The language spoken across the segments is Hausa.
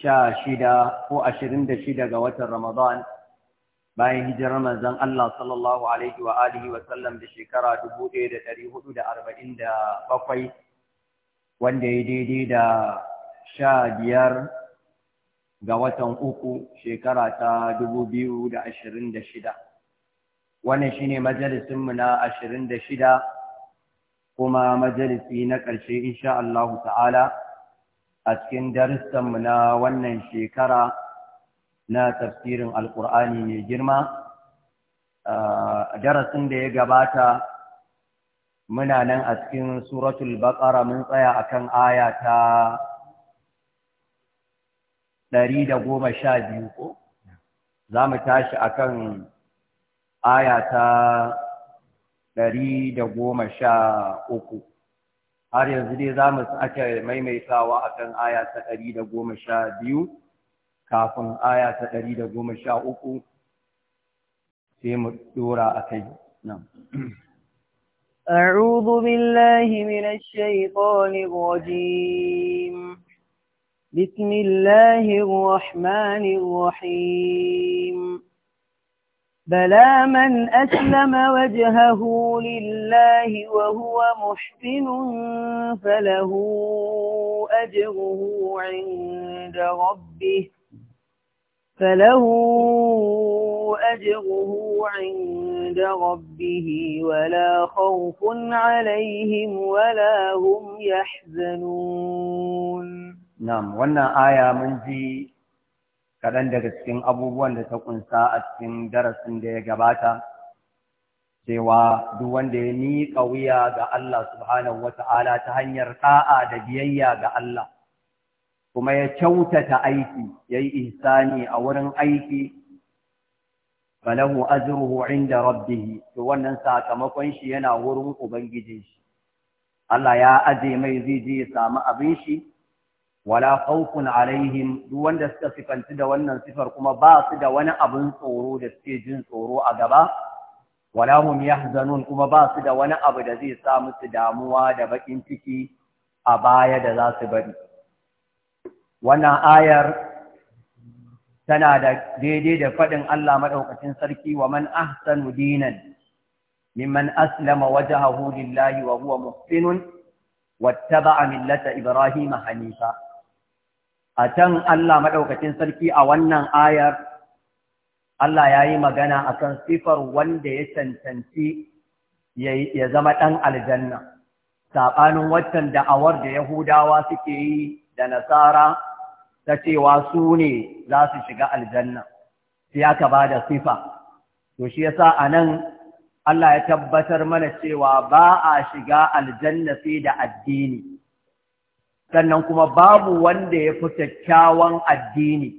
sha shida ko ashirin da shida ga watan Ramadan bayan hijirar manzon Allah sallallahu alaihi wa alihi wa sallam da shekara dubu ɗaya da ɗari hudu da arba'in da bakwai wanda ya daidai da sha biyar ga watan uku shekara ta dubu biyu da ashirin da shida wannan shine mu na ashirin da shida kuma majalisi na ƙarshe insha ta'ala a cikin darussanmu na wannan shekara na tafsirin alkur'ani mai girma darasin da ya gabata muna nan a cikin suratul baqara mun tsaya akan aya ta 112 ko za mu tashi akan aya ta 113 har yanzu dai za mu ake maimaitawa akan aya ta ɗari da goma sha biyu kafin aya ta ɗari da goma sha uku sai mu ɗora a kai nan. أعوذ بالله من الشيطان الرجيم بسم الله الرحمن الرحيم بلى من أسلم وجهه لله وهو محسن فله أجره عند ربه فله أجره عند ربه ولا خوف عليهم ولا هم يحزنون نعم وانا آية من kaɗan daga cikin abubuwan da ta kunsa a cikin darasin da ya gabata cewa duk wanda ya miƙa wuya ga Allah subhanahu wata'ala ta hanyar ta'a da biyayya ga Allah kuma ya kyautata aiki ya yi ihsani a wurin aiki falahu azruhu inda rabbih to wannan sakamakon shi yana wurin ubangijin shi Allah ya aje mai zai je ya samu abin shi wala khawfun alaihim duk wanda suka sifanci da wannan sifar kuma ba su da wani abun tsoro da suke jin tsoro a gaba wala hum yahzanun kuma ba su da wani abu da zai sa musu damuwa da bakin ciki a baya da za su bari wannan ayar tana da daidai da faɗin Allah maɗaukacin sarki wa man ahsanu dinan mimman aslama wajhahu lillahi wa huwa muhsinun wattaba'a millata ibrahima hanifa a can Allah maɗaukacin sarki a wannan ayar Allah ya yi magana a kan sifar wanda ya cancanci ya zama ɗan aljanna, saɓanin waccan da'awar da Yahudawa suke yi da Nasara ta cewa su ne za su shiga aljanna, sai aka ba da sifa. To shi yasa a nan Allah ya tabbatar mana cewa ba a shiga aljanna sai da addini, sannan kuma babu wanda ya fi kyakkyawan addini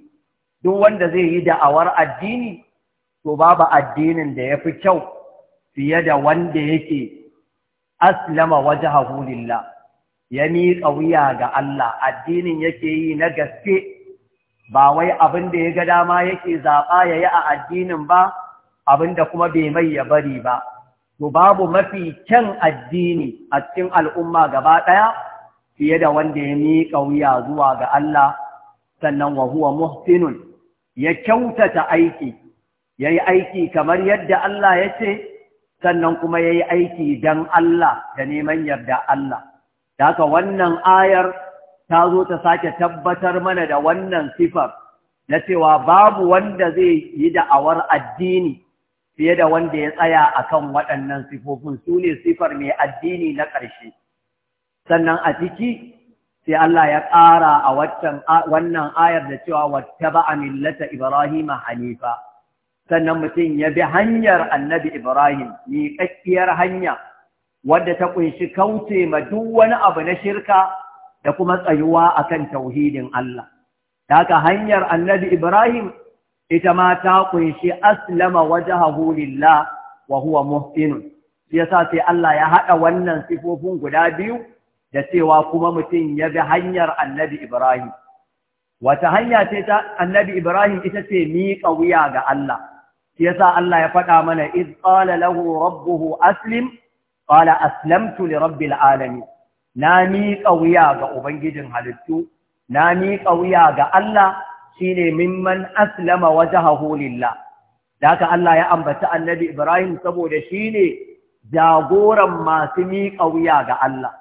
duk wanda zai yi da'awar addini to babu addinin da ya fi kyau fiye da wanda yake aslama waje lillah ya miƙa wuya ga Allah addinin yake yi na gaske ba wai abin da ya ga dama yake zaɓa ya yi a addinin ba abin da kuma bai mai ya bari ba to babu mafi kyan addini a cikin al'umma gaba ɗaya fiye da wanda ya miƙa wuya zuwa ga Allah sannan wa huwa muhsinun ya kyautata aiki yayi aiki kamar yadda Allah ya ce sannan kuma yayi aiki dan Allah da neman yarda Allah haka wannan ayar ta zo ta sake tabbatar mana da wannan sifar na cewa babu wanda zai yi da'awar addini fiye da wanda ya tsaya akan waɗannan sifofin su ne sifar mai addini na ƙarshe sannan a ciki sai Allah ya ƙara a wannan ayar da cewa wata ba'a millata Ibrahim Hanifa, sannan mutum ya bi hanyar annabi Ibrahim, miƙaƙƙiyar hanya, wadda ta ƙunshi kauce ma duk wani abu na shirka da kuma tsayuwa a kan tauhidin Allah. Ta haka hanyar annabi Ibrahim, ita ma ta ƙunshi aslama waje hahulillah wa huwa muhsinun. Shi yasa sai Allah ya haɗa wannan sifofin guda biyu da cewa kuma mutum ya bi hanyar annabi Ibrahim. Wata hanya ce ta annabi Ibrahim ita ce miƙa wuya ga Allah, shi yasa Allah ya faɗa mana, iz lahu rabbuhu aslim, ƙala aslamtu li rabbil alami, na miƙa wuya ga Ubangijin halittu, na miƙa wuya ga Allah shi ne mimman aslama wajahahu lillah. Da haka Allah ya ambaci annabi Ibrahim saboda shi ne jagoran masu miƙa wuya ga Allah.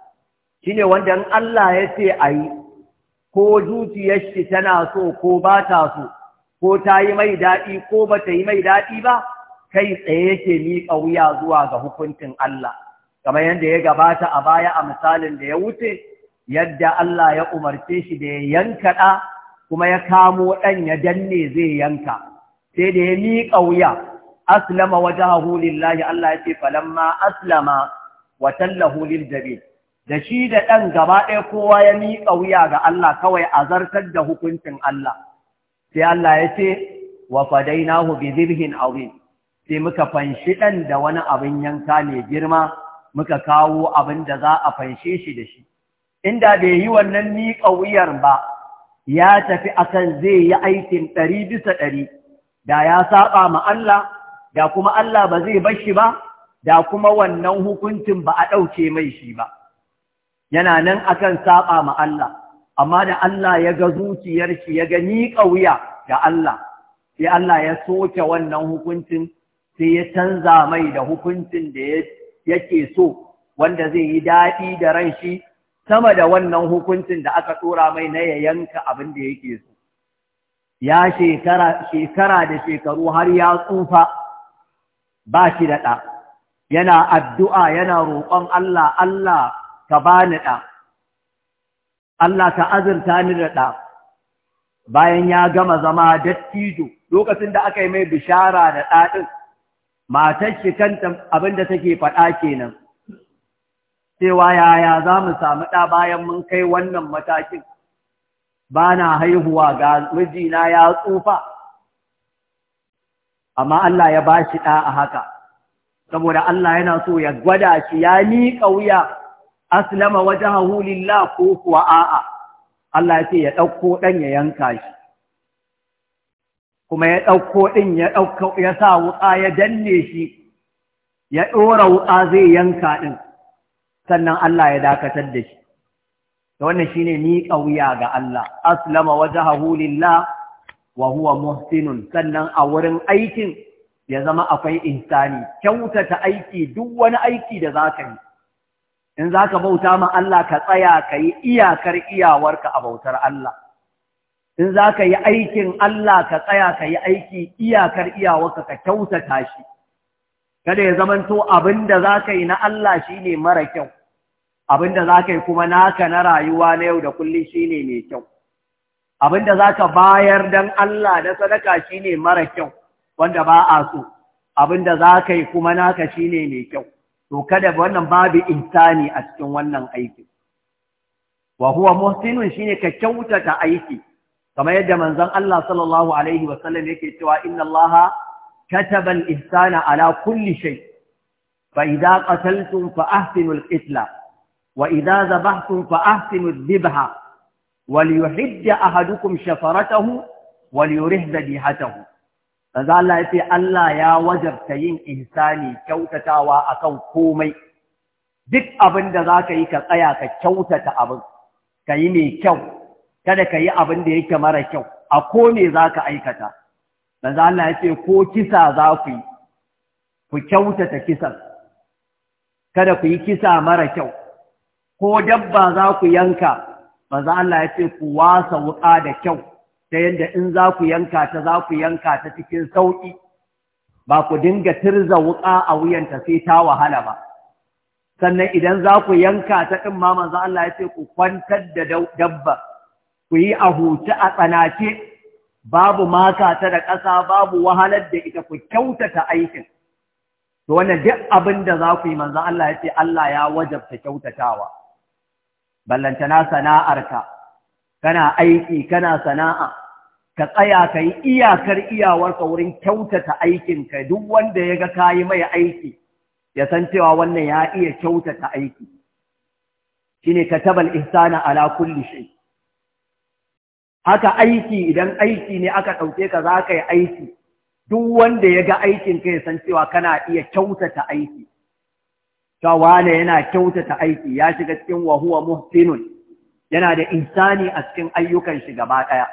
Shi ne wanda in Allah ya ce a yi ko zuciyar shi tana so ko ba ta so ko ta yi mai daɗi ko ba ta yi mai daɗi ba kai tsaye yake miƙa wuya zuwa ga hukuncin Allah kamar yadda ya gabata a baya a misalin da ya wuce yadda Allah ya umarce shi da ya yanka ɗa kuma ya kamo ɗan ya danne zai yanka sai da ya miƙa wuya aslama wajahu lillahi Allah ya ce falamma aslama wa tallahu lil jabin da shi da ɗan gaba ɗaya kowa ya miƙa wuya ga Allah kawai a zartar da hukuncin Allah sai Allah ya ce wa fadainahu bi zibhin aure, sai muka fanshi ɗan da wani abin yanka mai girma muka kawo abin da za a fanshe shi da shi inda bai yi wannan miƙa wuyar ba ya tafi akan zai yi aikin ɗari bisa ɗari da ya saba ma Allah da kuma Allah ba zai bashi ba da kuma wannan hukuncin ba a ɗauke mai shi ba yana nan akan saba ma Allah amma da Allah ya ga zuciyar shi ya gani ni kauya ga Allah sai Allah ya soke wannan hukuncin sai ya canza mai da hukuncin da yake so wanda zai yi daɗi da ran shi sama da wannan hukuncin da aka tsora mai na ya yanka abin da yake so. Ya shekara da shekaru har ya tsufa ba shi da ɗa, yana addu'a yana roƙon Allah, Allah ka bani ɗa Allah ka azurta ni da ɗa bayan ya gama zama dattijo lokacin da aka yi mai bishara da ɗaɗin matar shi kanta abin da take faɗa kenan cewa yaya za mu samu ɗa bayan mun kai wannan matakin ba na haihuwa ga mijina ya tsufa amma Allah ya ba shi ɗa a haka saboda Allah yana so ya gwada shi ya miƙa wuya aslama wajahahu lillah ko kuwa a'a Allah ya ce ya ɗauko ɗan ya yanka shi kuma ya ɗauko ɗin ya ɗauko ya sa wuka ya danne shi ya ɗora wuƙa zai yanka ɗin sannan Allah ya dakatar da shi to wannan shine ni ƙauya ga Allah aslama wajahahu lillah wa huwa muhsinun sannan a wurin aikin ya zama akwai insani kyautata aiki duk wani aiki da zaka yi in za ka bauta ma Allah ka tsaya ka yi iyakar iyawarka a bautar Allah in za ka yi aikin Allah ka tsaya ka yi aiki iyakar iyawarka ka kyautata shi kada ya zamanto abin da za ka yi na Allah shi ne mara kyau abin za ka yi kuma naka na rayuwa na yau da kullum shi ne mai kyau abin za ka bayar don Allah na sadaka shi ne mara kyau wanda ba a so Abinda da za ka yi kuma naka shi ne mai kyau to kada wannan babu insani a cikin wannan aiki wa huwa muhsinun shine ka kyautata aiki kamar yadda manzon Allah sallallahu alaihi wasallam yake cewa inna Allah kataba al-ihsana ala kulli shay fa idza qataltum fa ahsinu al-qitla wa idza zabahtum fa ahsinu al-dhabha وليحد أحدكم شفرته وليره ذبيحته Manzo Allah ya ce Allah ya wajabta yin ihsani kyautatawa akan komai. Duk abin da za ka yi ka tsaya ka kyautata abin, ka yi mai kyau, kada ka yi abin da yake mara kyau, a ko ne za ka aikata. Manzo Allah ya ce ko kisa za ku yi, ku kyautata kisan, kada ku yi kisa mara kyau, ko dabba za ku yanka, manzo Allah ya ce ku wasa wuƙa da kyau, ta yadda in za ku yanka ta za ku yanka ta cikin sauƙi ba ku dinga tirza wuƙa a wuyanta sai ta wahala ba sannan idan za ku yanka ta ɗin ma manzo Allah ya ce ku kwantar da dabba ku yi a huci a tsanace babu maka ta da ƙasa babu wahalar da ita ku kyautata aikin to wannan duk abin da za ku yi manzo Allah ya ce Allah ya wajabta kyautatawa ballantana sana'arka kana aiki kana sana'a ka tsaya ka yi iyakar iyawarka wurin kyautata aikinka duk wanda ya ga ka yi mai aiki ya san cewa wannan ya iya kyautata aiki shi ne katabal ihsana ala kulli shi? haka aiki idan aiki ne aka ɗauke ka za ka yi aiki duk wanda ya ga aikinka ya san cewa kana iya kyautata aiki cewa wane yana kyautata aiki ya shiga cikin wahuwa muhsinun yana da insani a cikin ayyukan shi gaba ɗaya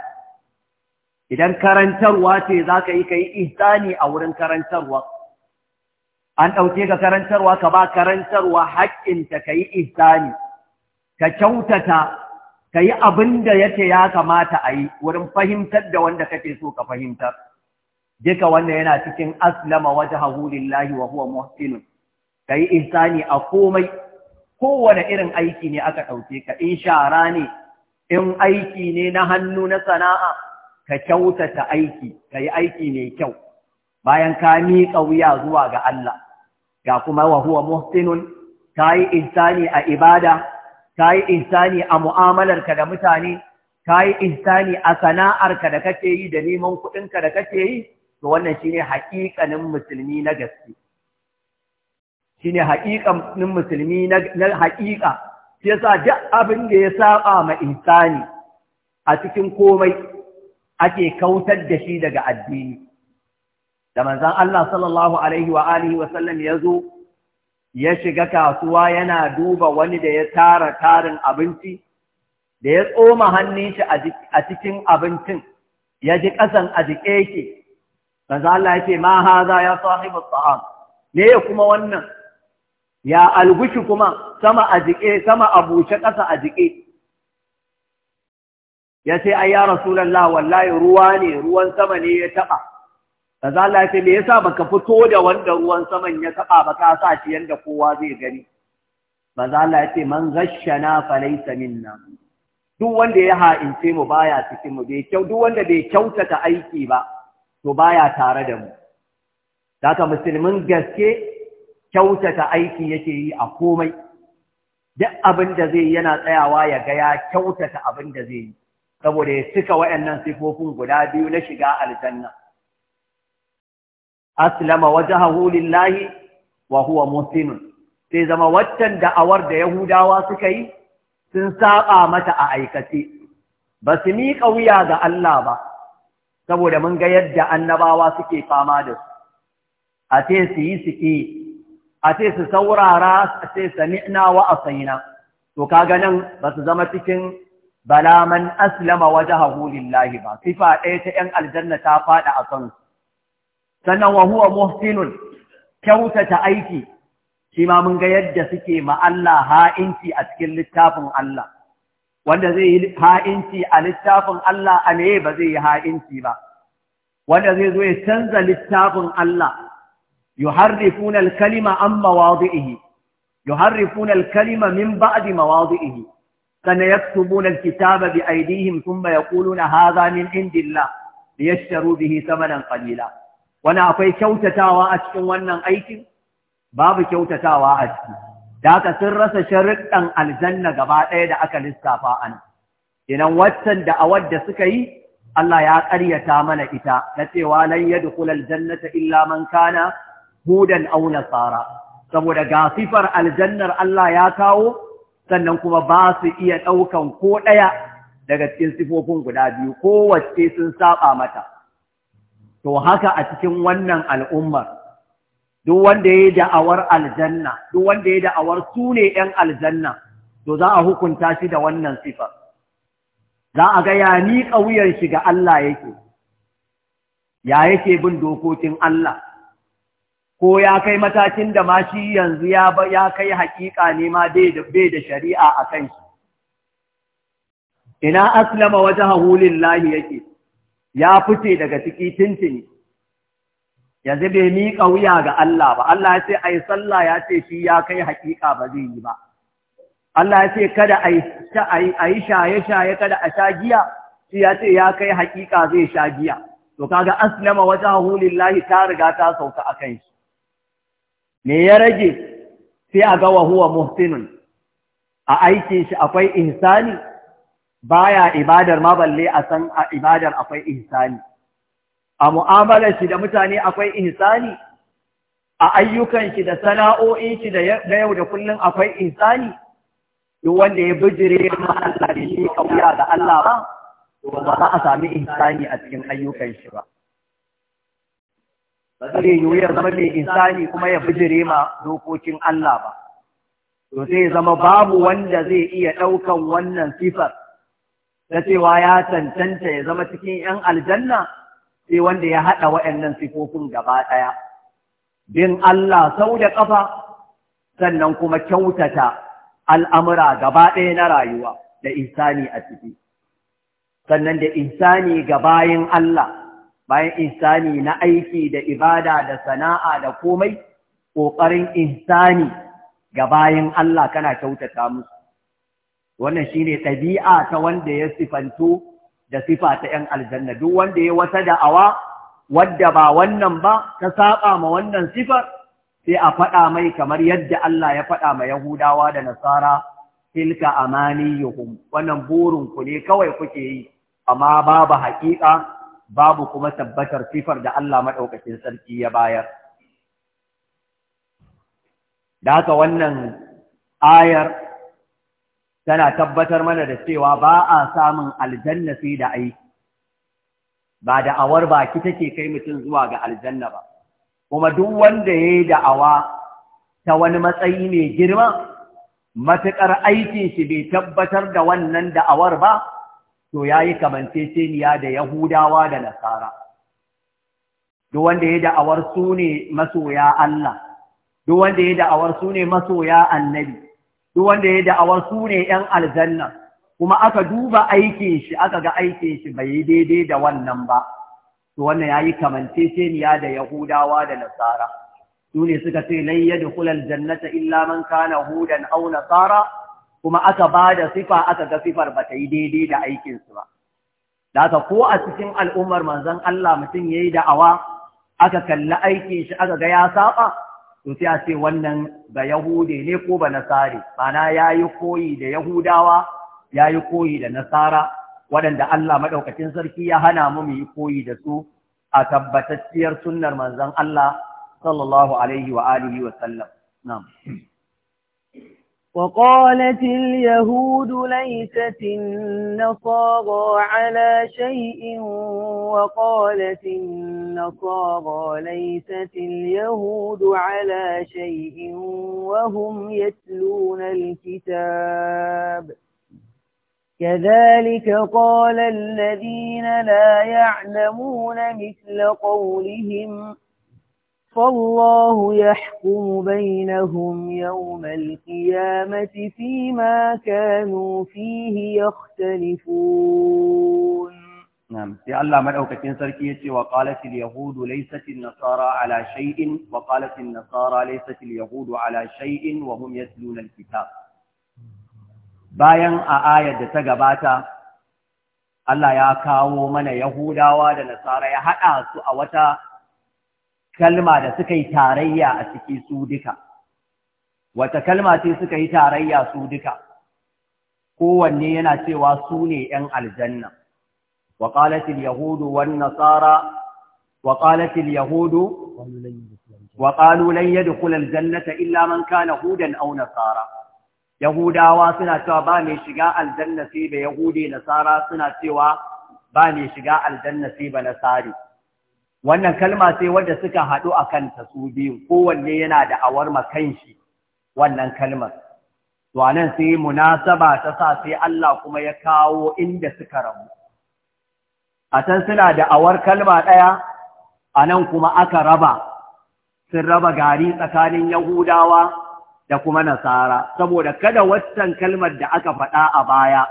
idan karantarwa ce za ka yi ka yi ihsani a wurin karantarwa an ɗauke ka karantarwa ka ba karantarwa haƙƙinta ka yi ihsani ka kyautata ka yi abin da yake ya kamata a yi wurin fahimtar da wanda kake so ka fahimtar duka wanda yana cikin aslama wajhahu lahi wa huwa muhsin ka yi ihsani a komai kowane irin aiki ne aka ɗauke ka in shara ne in aiki ne na hannu na sana'a ka kyautata aiki ka yi aiki mai kyau bayan ka miƙa wuya zuwa ga Allah ga kuma wa huwa muhsinun ka yi insani a ibada ka yi insani a mu'amalarka da mutane ka yi insani a sana'arka da kake yi da neman kuɗinka da kake yi to wannan shine haƙiƙanin musulmi na gaske shine haƙiƙanin musulmi na haƙiƙa sai sa duk abin da ya saba ma insani a cikin komai ake kautar da shi daga addini da manzan Allah sallallahu alaihi wa alihi wa sallam yazo ya shiga kasuwa yana duba wani da ya tara tarin abinci da ya tsoma hannun shi a cikin abincin ya ji ƙasan a jike yake Manzan Allah yake ma haza ya sahibu ta'am Ne ya kuma wannan ya algushi kuma sama a jike sama a bushe ƙasa a jike ya ce ai ya rasulullah wallahi ruwa ne ruwan sama ne ya taba kaza Allah ya ce me yasa baka fito da wanda ruwan saman ya taba ba ka sa shi yanda kowa zai gani manzo Allah ya ce man ghashana laysa minna duk wanda ya ha'ince mu baya cikin mu bai kyau duk wanda bai kyautata aiki ba to baya tare da mu Daka musulmin gaske kyautata aiki yake yi a komai, duk abin da zai yana tsayawa ya ga ya kyautata abin da zai yi. saboda ya cika waɗannan sifofin guda biyu na shiga aljanna aslama wajhahu lillahi wa huwa muslim sai zama waccan awar da yahudawa suka yi sun saba mata a aikace ba su miƙa wuya ga Allah ba saboda mun ga yadda annabawa suke fama da su a ce su yi suke a ce su saurara a ce sami'na wa asaina to kaga nan ba su zama cikin bala man aslama wajhahu lillahi ba sifa ɗaya ta 'yan aljanna ta faɗa a kan sannan wa huwa muhsinun kyautata aiki shi ma mun ga yadda suke ma Allah ha'inci a cikin littafin Allah wanda zai yi ha'inci a littafin Allah a ne ba zai yi ha'inci ba wanda zai zo ya canza littafin Allah yuharrifuna al-kalima an mawadihi yuharrifuna al-kalima min ba'di mawadihi كان يكتبون الكتاب بأيديهم ثم يقولون هذا من عند الله ليشتروا به ثمنا قليلا وانا اكوي كيوتتاوا اشكن wannan aikin babu kyautatawa a ciki da aka sun rasa sharuddan aljanna gaba ɗaya da aka lissafa an idan waccan da awad da suka yi Allah ya ƙaryata mana ita na cewa lan yadkhul aljannata illa mankana, hudan aw nasara saboda gafifar aljannar Allah ya kawo sannan kuma ba su iya ɗaukan ko ɗaya daga cikin sifofin guda biyu kowace sun saba mata to haka a cikin wannan al'ummar duk wanda ya yi da'awar aljanna duk wanda ya yi da'awar su ne ‘yan aljanna to za a hukunta shi da wannan sifar za a ga ya niƙa wuyar shi ga Allah yake ya yake bin dokokin Allah ko ya kai matakin da ma shi yanzu ya kai hakika ne ma bai da shari'a a kan shi ina aslama wajhahu lillahi yake ya fice daga ciki tintini yanzu bai miƙa wuya ga Allah ba Allah ya ce ai sallah ya ce shi ya kai hakika ba zai yi ba Allah ya ce kada a yi shaye-shaye kada a sha giya shi ya ce ya kai hakika zai sha giya to kaga aslama wajhahu lillahi ta riga ta sauka akan shi me ya rage sai a ga wahuwa muhsinun a aikin shi akwai ihsani baya ibadar ma balle a san a ibadar akwai ihsani a mu'amalar shi da mutane akwai ihsani a ayyukan shi da sana'o'in shi da yau da kullum akwai ihsani duk wanda ya bijire ma Allah shi kauya da Allah ba ba za a sami ihsani a cikin ayyukan shi ba ba zai yiwu ya zama mai insani kuma ya bijire ma dokokin Allah ba to sai zama babu wanda zai iya ɗaukan wannan sifar ta cewa ya cancanta ya zama cikin 'yan aljanna sai wanda ya haɗa waɗannan sifofin gaba ɗaya bin Allah sau da ƙafa sannan kuma kyautata al'amura gaba ɗaya na rayuwa da insani a ciki sannan da insani ga bayan Allah bayan insani na aiki da ibada da sana'a da komai ƙoƙarin insani ga bayan Allah kana kyautata musu wannan shine ɗabi'a ta wanda ya sifanto da sifa ta 'yan aljanna duk wanda ya wata da'awa wadda ba wannan ba ta saba ma wannan sifar sai a faɗa mai kamar yadda Allah ya faɗa ma Yahudawa da Nasara tilka amaniyuhum wannan burin ku ne kawai kuke yi amma babu haƙiƙa babu kuma tabbatar sifar da Allah maɗaukacin sarki ya bayar. Da haka wannan ayar tana tabbatar mana da cewa ba a samun aljanna sai da aiki, ba da awar baki take kai mutum zuwa ga aljanna ba, kuma duk wanda ya yi da'awa ta wani matsayi mai girma, matuƙar aikin shi bai tabbatar da wannan da'awar ba, to ya yi kamanceceniya da Yahudawa da Nasara. Duk wanda ya da'awar su ne masoya Allah, duk wanda ya da'awar su ne masoya annabi, duk wanda ya da'awar su ne ‘yan aljanna, kuma aka duba aikin shi, aka ga aikin shi bai yi daidai da wannan ba, to wannan ya yi kamanceceniya da Yahudawa da Nasara. Sune suka ce, lai yadda kulal jannata illa man kana hudan au nasara, kuma aka ba da sifa aka ga sifar ba ta yi daidai da aikinsu ba. Da aka ko a cikin al'ummar manzan Allah mutum ya yi da'awa aka kalli aikin shi aka ga ya saba, to sai a ce wannan ba Yahude ne ko ba Nasari, mana ya yi koyi da Yahudawa, ya yi koyi da Nasara, waɗanda Allah maɗaukacin sarki ya hana mu mu yi koyi da su a tabbatacciyar sunnar manzan Allah sallallahu alaihi wa alihi wa sallam. وقالت اليهود ليست النصارى على شيء وقالت النصارى ليست اليهود على شيء وهم يتلون الكتاب كذلك قال الذين لا يعلمون مثل قولهم فالله يحكم بينهم يوم القيامة فيما كانوا فيه يختلفون نعم في الله مدعوكتين سركية وقالت اليهود ليست النصارى على شيء وقالت النصارى ليست اليهود على شيء وهم يتلون الكتاب bayan a ayar da ta gabata Allah ya kawo mana Yahudawa da Nasara ya haɗa su a wata kalma da suka yi tarayya a ciki su duka kalma ce suka yi tarayya su duka kowanne yana cewa su ne ‘yan aljanna wa qalatil yahudu wan nasara aljannata illa man kana hudan aw nasara yahudawa suna cewa ba mai shiga aljanna sai ba yahudi nasara suna cewa ba mai shiga aljanna sai ba na nasari wannan kalma sai wanda suka haɗu a kanta su biyu kowanne yana da awar shi wannan kalmar to anan sai munasaba ta sa sai Allah kuma ya kawo inda suka rabu a can suna da awar kalma ɗaya a nan kuma aka raba sun raba gari tsakanin yahudawa da kuma nasara saboda kada waccan kalmar da aka faɗa a baya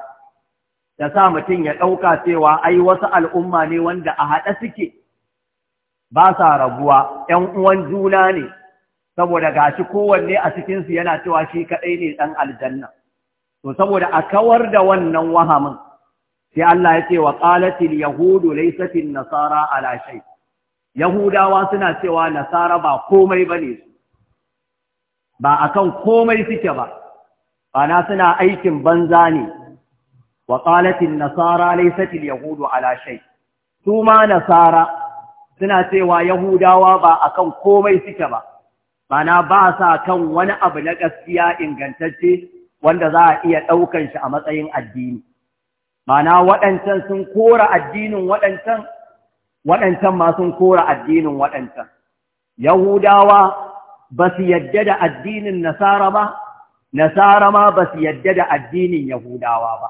ta sa mutum ya ɗauka cewa ai wasu al'umma ne wanda a haɗa suke ba sa rabuwa ‘yan uwan juna ne saboda gashi kowanne a cikinsu yana cewa shi kaɗai ne ɗan aljanna to saboda a kawar da wannan wahamin sai Allah ya ce wa qalatil yahudu laysa nasara ala shay yahudawa suna cewa nasara ba komai bane ba akan komai suke ba bana suna aikin banza ne wa qalatil nasara laysa yahudu ala shay su ma nasara suna cewa Yahudawa ba a kan komai suke ba, mana ba sa kan wani abu na gaskiya ingantacce wanda za a iya ɗaukan shi a matsayin addini. Mana waɗancan sun kora addinin waɗancan, waɗancan ma sun kora addinin waɗancan. Yahudawa ba su yadda da addinin Nasara ba, Nasara ma ba su yadda da addinin Yahudawa ba.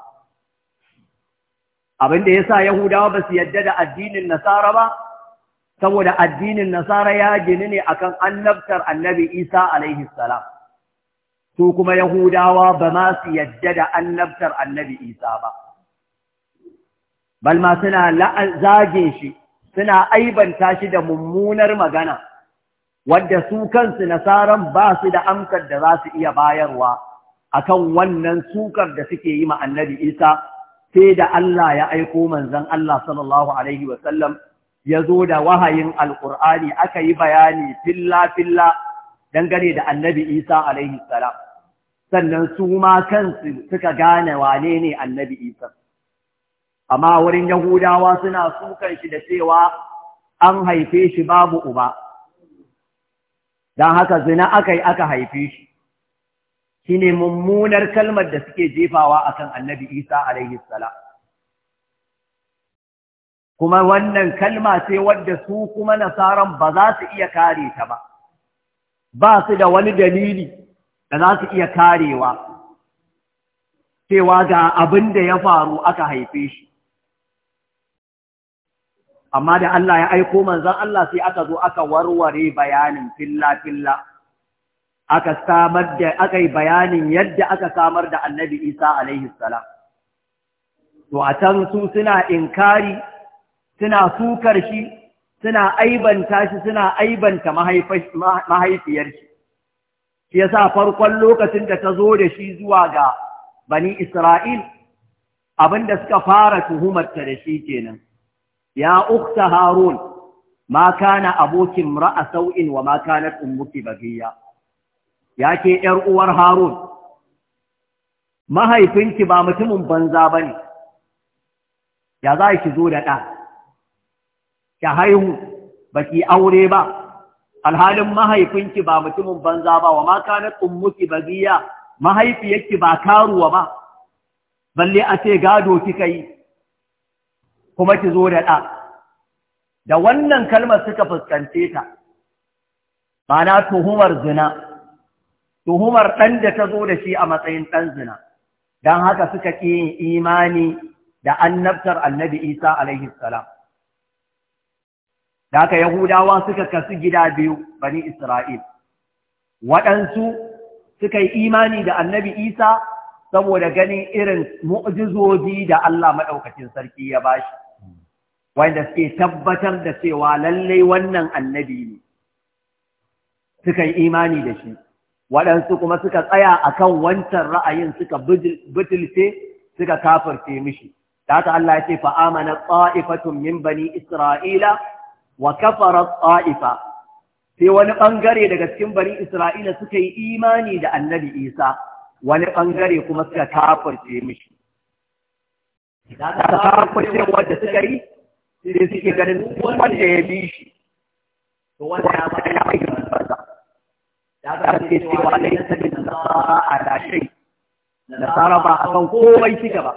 Abin da ya sa Yahudawa ba su yadda da addinin Nasara ba, saboda addinin nasara ya gini ne akan annabtar annabi isa alaihi salam su kuma yahudawa ba ma su yadda da annabtar annabi isa ba balma suna zage shi suna aibanta shi da mummunar magana wadda su kansu nasaran ba su da amsar da za su iya bayarwa akan wannan sukar da suke yi ma annabi isa sai da Allah ya aiko manzon Allah sallallahu alaihi wasallam ya zo da wahayin alƙur'ani aka yi bayani filla-filla dangane da annabi isa alaihi salam sannan su ma kansu suka gane wane ne annabi isa amma wurin yahudawa suna sukan shi da cewa an haife shi babu uba don haka zina aka yi aka haife shi shi ne mummunar kalmar da suke jefawa akan annabi isa alaihi salam kuma wannan kalma ce wadda su kuma nasaran ba za su iya kare ta ba ba su da wani dalili da za su iya karewa cewa ga abin da ya faru aka haife shi amma da Allah ya aiko manzon Allah sai aka zo aka warware bayanin filla filla aka samar da aka yi bayanin yadda aka samar da Annabi Isa alaihi salam to a can su suna inkari suna sukar shi suna aibanta shi suna aibanta mahaifiyar shi shi yasa farkon lokacin da ta zo da shi zuwa ga bani Isra'il abinda suka fara tuhumarta da shi kenan ya ukta harun ma kana abokin ra'a sau'in wa ma kana ummuki bagiya yake ‘yar uwar harun’ mahaifinki ba mutumin banza ba ne, ya za ki zo da ɗa, ki haihu baki aure ba alhalin mahaifinki ba mutumin banza ba wa ma kanat ummuki bagiya mahaifiyarki ba karuwa ba balle a ce gado kika yi kuma ki zo da ɗa da wannan kalmar suka fuskance ta ma'ana tuhumar zina tuhumar ɗan da ta zo da shi a matsayin ɗan zina, don haka suka ƙi imani da annabtar annabi Isa alaihi salam. da haka yahudawa suka kasu gida biyu bani isra'il waɗansu suka yi imani da annabi isa saboda ganin irin mu'ujizobi da allah maɗaukacin sarki ya bashi wanda suke tabbatar da cewa lallai wannan annabi ne suka yi imani da shi waɗansu kuma suka tsaya a kan wancan ra'ayin suka butulce suka kafirce mishi da ta allah ya ce fa'amana tsa'ifatun min bani isra'ila wa kafara ta'ifa sai wani bangare daga cikin bani Isra'ila suka yi imani da Annabi Isa wani bangare kuma suka kafirce mishi da ta kafirce wanda suka yi sai suke ganin wanda ya bi shi to wanda ya ba ya yi barka da ne sai da laysa a da shi da saraba ba akan komai kika ba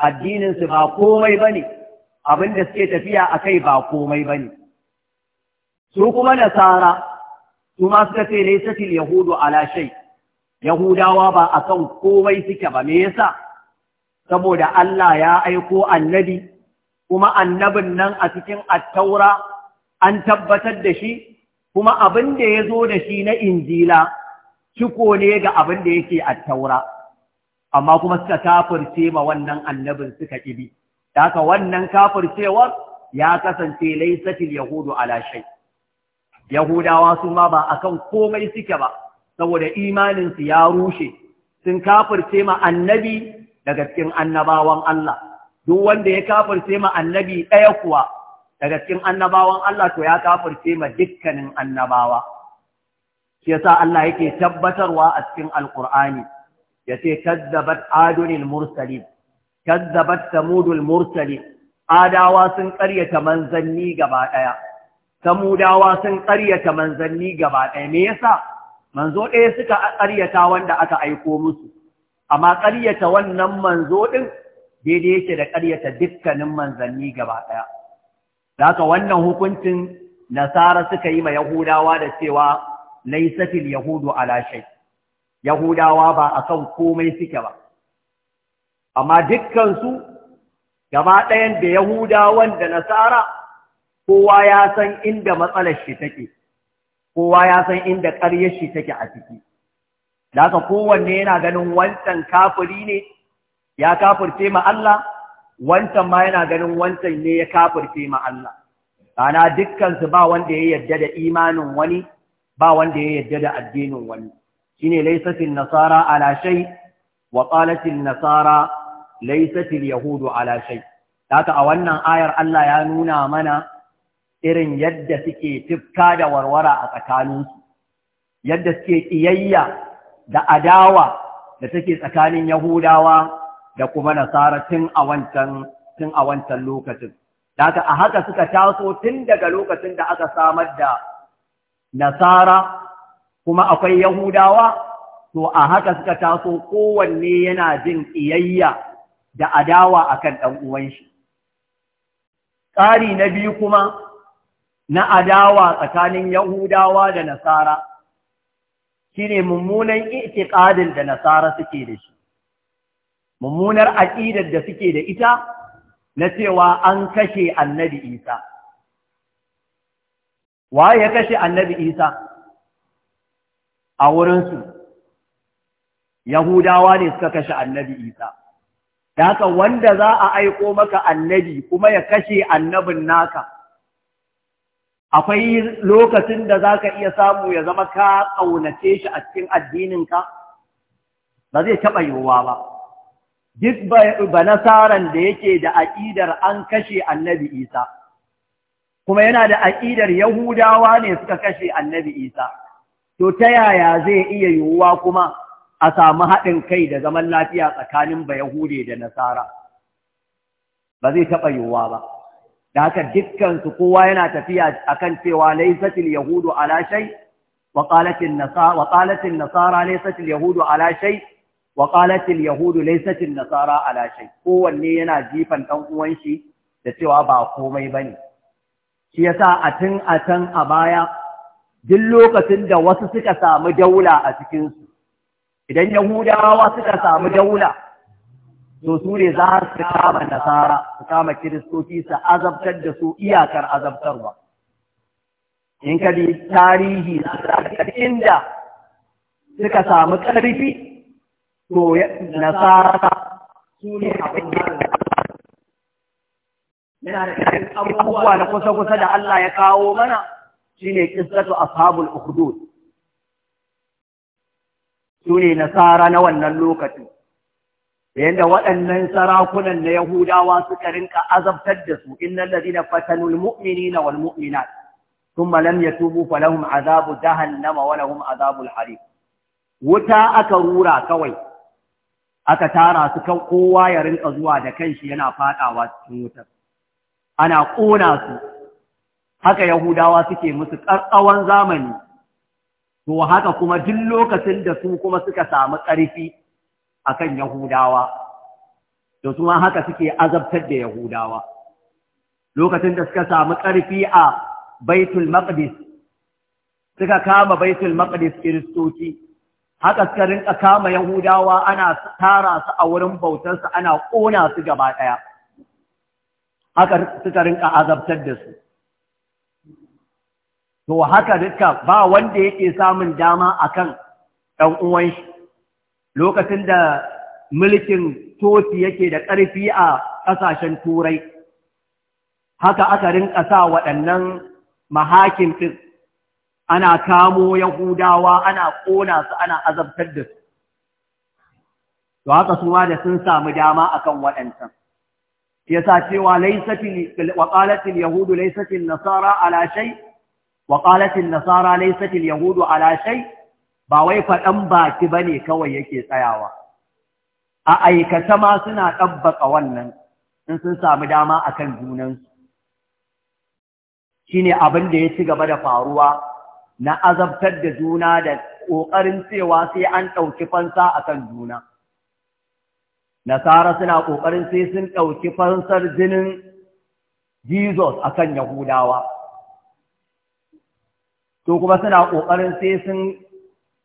addinin su ba komai bane abinda suke tafiya akai ba komai bane su kuma nasara su ma suka ce laysatil yahudu ala shai, yahudawa ba a kan komai suke ba me yasa saboda Allah ya aiko annabi kuma annabin nan a cikin attaura an tabbatar da shi kuma abin da ya zo da shi na injila ciko ne ga abin da yake attaura amma kuma suka kafirce ma wannan annabin suka kibi haka wannan kafircewar ya kasance laisatil yahudu ala shai. yahudawa su ma ba kan komai suke ba saboda imaninsu ya rushe sun kafirce ma annabi daga cikin annabawan Allah duk wanda ya kafirce ma annabi ɗaya kuwa daga cikin annabawan Allah to ya kafirce ma dukkanin annabawa shi yasa Allah yake tabbatarwa a cikin Ya ce, kazzabat adunil mursalin kazzabat samudul mursalin adawa sun ƙaryata manzanni gaba ɗaya samudawa sun ƙaryata manzanni gaba ɗaya me yasa manzo ɗaya suka ƙaryata wanda aka aiko musu amma ƙaryata wannan manzo ɗin daidai yake da ƙaryata dukkanin manzanni gaba ɗaya da haka wannan hukuncin nasara suka yi ma yahudawa da cewa laisatil yahudu ala shay yahudawa ba a kan komai suke ba amma dukkansu su gaba ɗayan da yahudawan da nasara kowa ya san inda matsalar shi take kowa ya san inda ƙaryar shi take a ciki da haka kowanne yana ganin wancan kafiri ne ya kafirce ma Allah wancan ma yana ganin wancan ne ya kafirce ma Allah ana dukkan su ba wanda ya yarda da imanin wani ba wanda ya yarda da addinin wani shine laysatil nasara ala shay wa qalatil nasara laysatil yahudu ala shay haka a wannan ayar Allah ya nuna mana irin yadda suke tifka da warwara a tsakaninsu yadda suke ƙiyayya da adawa da take tsakanin yahudawa da kuma nasara tun a wancan lokacin daga a haka suka taso tun daga lokacin da aka samar da nasara kuma akwai yahudawa to a haka suka taso kowanne yana jin ƙiyayya da adawa akan ɗan uwan ƙari na biyu kuma na adawa tsakanin Yahudawa da Nasara shi ne mummunan itikadin da Nasara suke da shi, mummunar aƙidar da suke da ita na cewa an kashe annabi Isa. Wa ya kashe annabi Isa a wurinsu, Yahudawa ne suka kashe annabi Isa. daka wanda za a aiko maka annabi kuma ya kashe annabin naka. akwai lokacin da za ka iya samu ya zama ka ƙaunace shi a cikin addininka ba zai taɓa yiwuwa ba duk ba nasaran da yake da aƙidar an kashe annabi isa kuma yana da aƙidar yahudawa ne suka kashe annabi isa to ta yaya zai iya yiwuwa kuma a samu haɗin kai da zaman lafiya tsakanin ba yahude da nasara ba zai taɓa yiwuwa ba da haka dukkansu kowa yana tafiya akan cewa laisatil yahudu ala shay wa nasara wa yahudu ala shay wa yahudu laisatil nasara ala kowanne yana jifan dan shi da cewa ba komai bane shi sa a tun a can a baya duk lokacin da wasu suka samu daula a cikinsu. idan yahudawa suka samu daula to su ne za su kama nasara su kama kiristoci su azabtar da su iyakar azabtarwa in ka bi tarihi na inda suka samu ƙarfi to nasara su ne abin yana da abubuwa na kusa-kusa da Allah ya kawo mana shine qissatu ashabul ukhdud su ne nasara na wannan lokacin yadda waɗannan sarakunan na Yahudawa suka rinka azabtar da su innal ladina fatanul na wal sun malam ya yatubu falahun azabu jahannama wa lahum azabul harib wuta aka rura kawai aka tara su kan kowa ya rinka zuwa da kanshi yana fadawa cikin wutar ana ƙona su haka Yahudawa suke musu karkawan zamani to haka kuma duk lokacin da su kuma suka samu ƙarfi akan Yahudawa to su haka suke azabtar da Yahudawa lokacin da suka samu ƙarfi a Baitul Maqdis suka kama Baitul Maqdis Kiristoci haka suka rinka kama Yahudawa ana tara su a wurin bautarsu ana ƙona su gaba ɗaya haka suka rinka azabtar da su to haka duka ba wanda yake samun dama akan ɗan uwan lokacin da mulkin toci yake da ƙarfi a ƙasashen turai haka aka rinƙa sa waɗannan mahakin ɗin ana kamo yahudawa ana ƙona su ana azabtar da su to haka su da sun samu dama akan waɗancan sa cewa waƙalatin Yahudu qalat nasara ala shay nasara laysati yahudu alashai ba wai faɗan baki ba ne kawai yake tsayawa a aikata ma suna ɗabbaƙa wannan in sun sami dama a kan junansu shi ne abin da ya ci gaba da faruwa na azabtar da juna da ƙoƙarin cewa sai an ɗauki fansa a kan juna nasara suna ƙoƙarin sai sun ɗauki fansar jinin jesus a kan yahudawa to kuma suna ƙoƙarin sai sun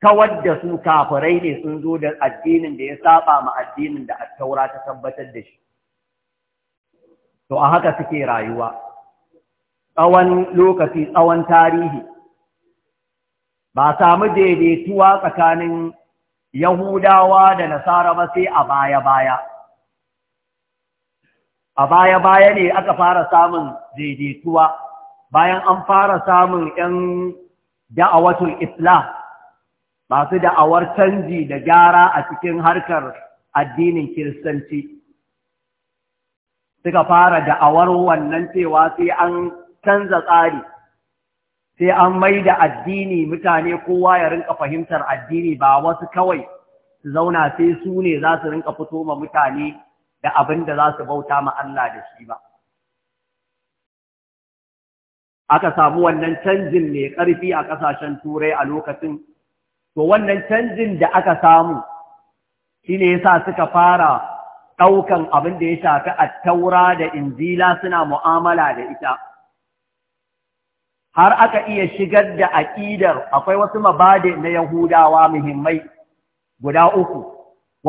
kawar da su kafirai ne sun zo da addinin da ya saba ma addinin da attaura ta tabbatar da shi to a haka suke rayuwa tsawon lokaci tsawon tarihi ba samu daidaituwa tsakanin yahudawa da nasara ba sai a baya-baya a baya-baya ne aka fara samun daidaituwa bayan an fara samun 'yan da'awatul islam masu da'awar canji da gyara a cikin harkar addinin kiristanci suka fara da'awar wannan cewa sai an canza tsari sai an mai da addini mutane kowa ya rinka fahimtar addini ba wasu kawai su zauna sai su ne za su rinka fito ma mutane da abin da za su bauta ma Allah da shi ba. Aka samu wannan canjin mai ƙarfi a ƙasashen turai a lokacin to wannan canjin da aka samu shi ne yasa suka fara ɗaukan abin da ya shafi attaura da injila suna mu'amala da ita har aka iya shigar da aƙidar akwai wasu mabadi na yahudawa muhimmai guda uku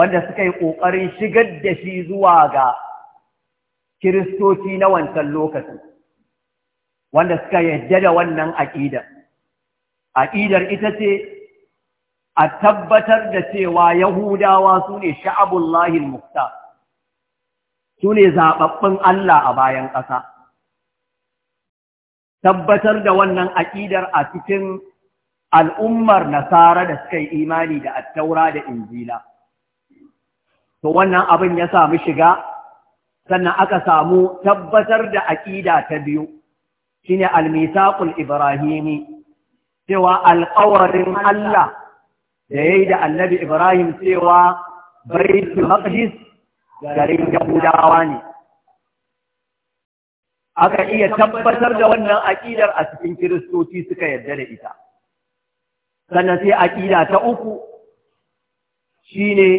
wanda suka yi ƙoƙarin shigar da shi zuwa ga kiristoci na wancan lokaci wanda suka yadda da wannan aƙidar aƙidar ita ce a tabbatar da cewa Yahudawa su ne sha'abullahi mukta, su ne zaɓaɓɓun Allah a bayan ƙasa. Tabbatar da wannan aƙidar a cikin al'ummar nasara da suka yi imani da attaura da injila. To wannan abin ya samu shiga, sannan aka samu tabbatar da aƙida ta biyu, shi ne almisaƙul Ibrahimi, cewa alƙawarin Allah. da yayi da annabi Ibrahim cewa baitul maqdis garin Yahudawa ne aka iya tabbatar da wannan aƙidar a cikin kiristoci suka yarda da ita sannan sai aƙida ta uku shine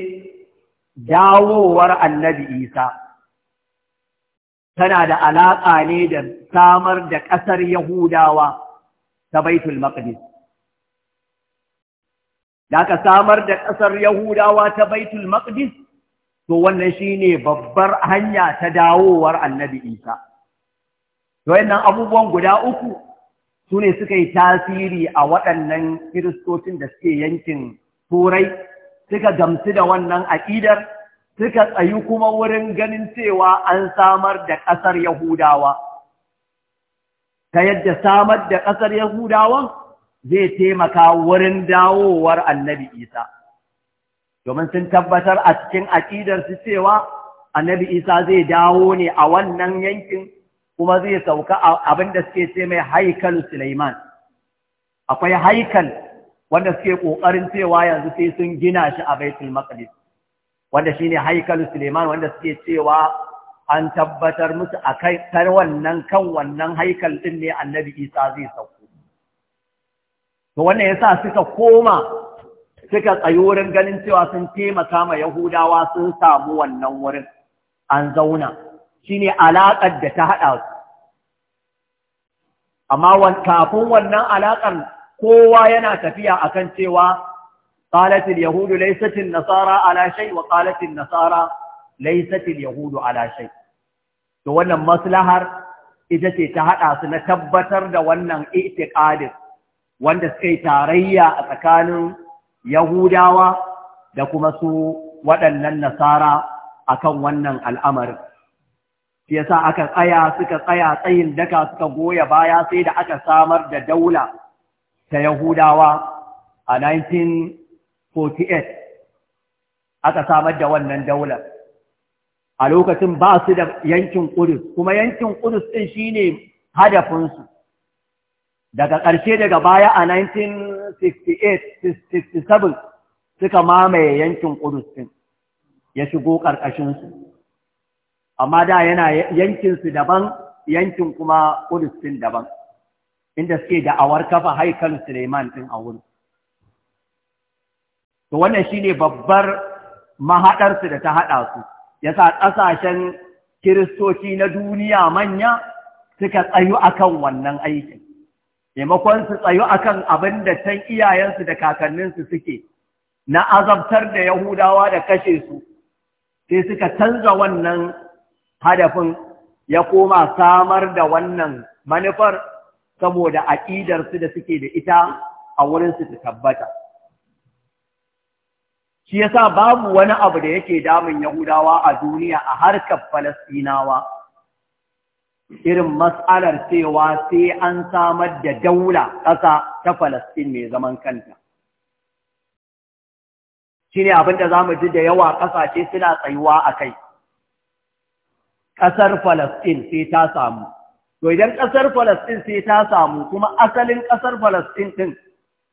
dawowar annabi isa tana da alaƙa ne da samar da ƙasar yahudawa ta baitul maqdis da aka samar da ƙasar Yahudawa ta Baitul Maqdis to wannan shine babbar hanya ta dawowar Annabi Isa to wannan abubuwan guda uku sune suka yi tasiri a waɗannan kiristocin da suke yankin Turai suka gamsu da wannan aƙidar suka tsayu kuma wurin ganin cewa an samar da ƙasar Yahudawa ta yadda samar da ƙasar Yahudawan zai taimaka wurin dawowar annabi isa domin sun tabbatar a cikin aƙidarsu cewa annabi isa zai dawo ne a wannan yankin kuma zai sauka abinda suke ce mai haikal suleiman akwai haikal wanda suke ƙoƙarin cewa yanzu sai sun gina shi a baitul maqdis wanda shine haikal suleiman wanda suke cewa an tabbatar musu a kai kan wannan haikal din ne annabi isa zai sauka Da wannan yasa suka koma suka tsayi wurin ganin cewa sun taimaka ma Yahudawa sun samu wannan wurin an zauna ne alaƙar da ta haɗa su amma kafin wannan alaƙar kowa yana tafiya akan cewa قالت yahudu laisatin nasara على شيء ƙalatin Nasara laisatin Yahudu على to wannan maslahar ita ce ta haɗa su na tabbatar da wannan i'tiqadin wanda suka yi tarayya a tsakanin Yahudawa da kuma su waɗannan nasara a kan wannan al'amarin. Shi yasa aka tsaya suka tsaya tsayin daka suka goya baya sai da aka samar da daula ta Yahudawa a 1948 aka samar da wannan daula A lokacin ba su da yankin Ƙudus, kuma yankin Ƙudus ɗin shi ne hadafinsu. daga ƙarshe daga baya a 1968-67 suka mamaye yankin ƙudus ɗin ya shigo ƙarƙashinsu amma da yana yankinsu daban yankin kuma ƙudus ɗin daban inda suke da awar kafa haikal suleiman ɗin a wuri to wannan shine babbar mahaɗarsu da ta haɗa su ya sa ƙasashen kiristoci na duniya manya suka tsayu akan wannan aikin maimakon su tsayu akan abin da can iyayensu da kakanninsu suke na azabtar da Yahudawa da kashe su sai suka canza wannan hadafin ya koma samar da wannan manufar saboda aƙidarsu da suke da ita a wurinsu su tabbata shi yasa babu wani abu da yake damun Yahudawa a duniya a harkar Falasɗinawa irin mas'alar cewa sai an samar da daula ƙasa ta Falastin mai zaman kanta. Shi ne abinda za mu ji da yawa ƙasashe suna tsayuwa a kai. Ƙasar Falastin sai ta samu. To idan ƙasar Falastin sai ta samu kuma asalin ƙasar Falastin ɗin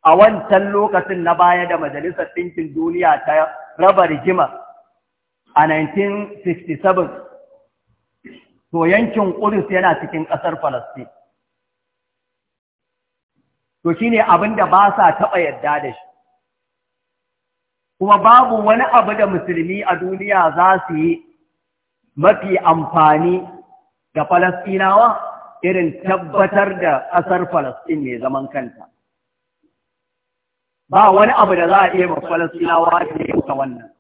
a wancan lokacin na baya da Majalisar Ɗinkin Duniya ta raba rigimar a 1967 to yankin Ƙudus yana cikin ƙasar Falastin. To shi ne abin da ba sa taɓa yadda da shi. Kuma babu wani abu da musulmi a duniya za su yi mafi amfani da Falasɗinawa irin tabbatar da ƙasar Falasɗin mai zaman kanta. Ba wani abu da za a iya ba Falasɗinawa da ya wannan.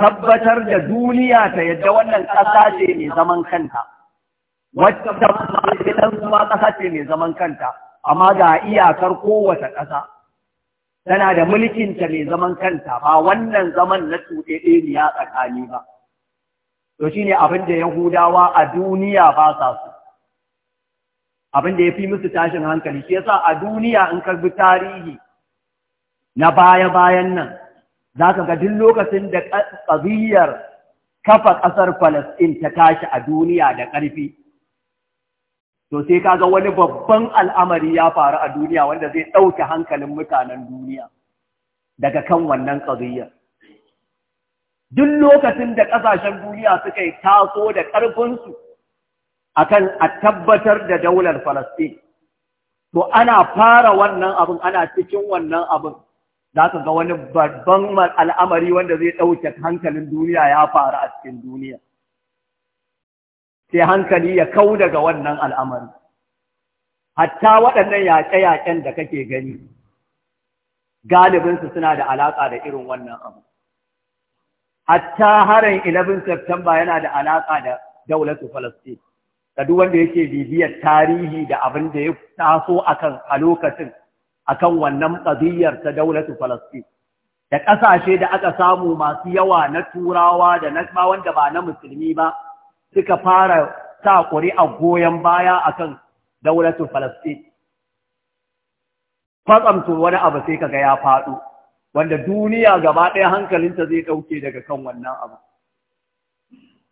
tabbatar da duniya ta yadda wannan ƙasa ce mai zaman kanta wacce ma ƙasa ce mai zaman kanta amma ga iyakar kowace ƙasa tana da mulkinta mai zaman kanta ba wannan zaman na ya tsakani ba to shine abin da yahudawa a duniya ba sa su abin da ya fi musu tashin hankali shi yasa a duniya in karbi tarihi na baya-bayan nan za ka ga duk lokacin da ƙabiyar kafa ƙasar Falasɗin ta tashi a duniya da ƙarfi, to sai ka ga wani babban al'amari ya faru a duniya wanda zai ɗauke hankalin mutanen duniya daga kan wannan ƙabiyar. Duk lokacin da ƙasashen duniya suka yi taso da ƙarfinsu a kan a tabbatar da daular Falasɗin, to ana fara wannan abin, ana cikin wannan abin. za ka ga wani babban al'amari wanda zai ɗauke hankalin duniya ya faru a cikin duniya sai hankali ya kau daga wannan al'amari hatta waɗannan yaƙe-yaƙen da kake gani galibinsu suna da alaƙa da irin wannan abu hatta harin 11 September yana da alaƙa da daulatu Falastin da duk wanda yake bibiyar tarihi da abin da ya taso akan a lokacin akan wannan qadiyar ta daulatu falastin da ƙasashe da aka samu masu yawa na turawa da na wanda ba na musulmi ba suka fara sa ƙuri'a goyon baya akan daulatu falastin fatsamtu wani abu sai kaga ya faɗo wanda duniya gaba ɗaya hankalinta zai ɗauke daga kan wannan abu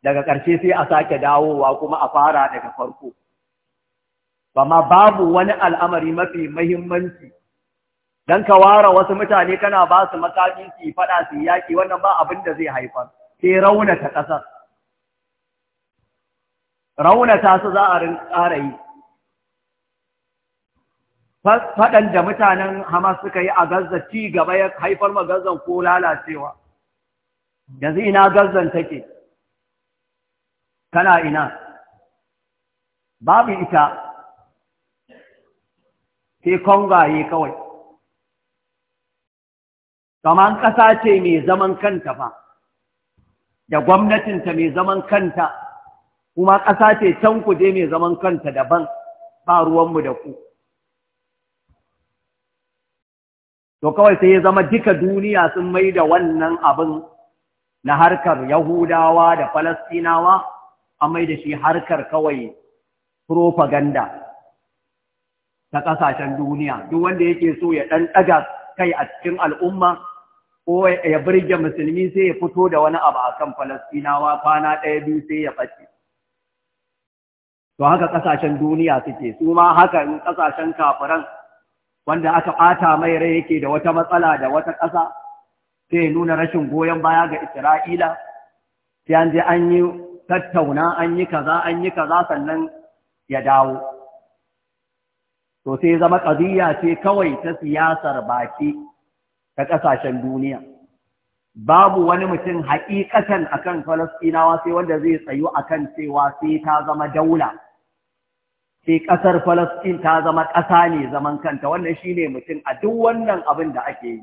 daga ƙarshe sai a sake dawowa kuma a fara daga farko amma babu wani al'amari mafi mahimmanci dan ka ware wasu mutane kana ba su makami su faɗa su yaƙi wannan ba abin da zai haifar sai raunata ƙasar raunata su za a ƙara yi faɗan da mutanen Hamas suka yi a gazza, ci gaba ya haifar ma Gazan ko lalacewa yanzu ina Gazan take kana ina babu ita sai kongaye kawai Kaman ƙasa ce mai zaman kanta fa, da gwamnatinta mai zaman kanta, kuma ƙasa ce can kuje mai zaman kanta daban ba ruwanmu da ku. To kawai sai ya zama duka duniya sun mai da wannan abin na harkar Yahudawa da Falastinawa, an mai da shi harkar kawai propaganda ta ƙasashen duniya, duk wanda yake so ya ɗan ɗaga kai a cikin al'umma ko ya birge musulmi sai ya fito da wani abu a kan falastinawa kwana ɗaya biyu sai ya ɓace to haka ƙasashen duniya suke su ma haka in ƙasashen kafiran wanda aka ɓata mai rai yake da wata matsala da wata ƙasa sai ya nuna rashin goyon baya ga isra'ila sai an je an yi tattauna an yi kaza an yi kaza sannan ya dawo to sai zama ƙaziyya ce kawai ta siyasar baki ta ƙasashen duniya. Babu wani mutum haƙiƙatan akan Falasɗinawa sai wanda zai tsayu akan cewa sai ta zama daula, sai ƙasar Falasɗin ta zama ƙasa ne zaman kanta, wannan shi ne mutum a duk wannan abin da ake yi.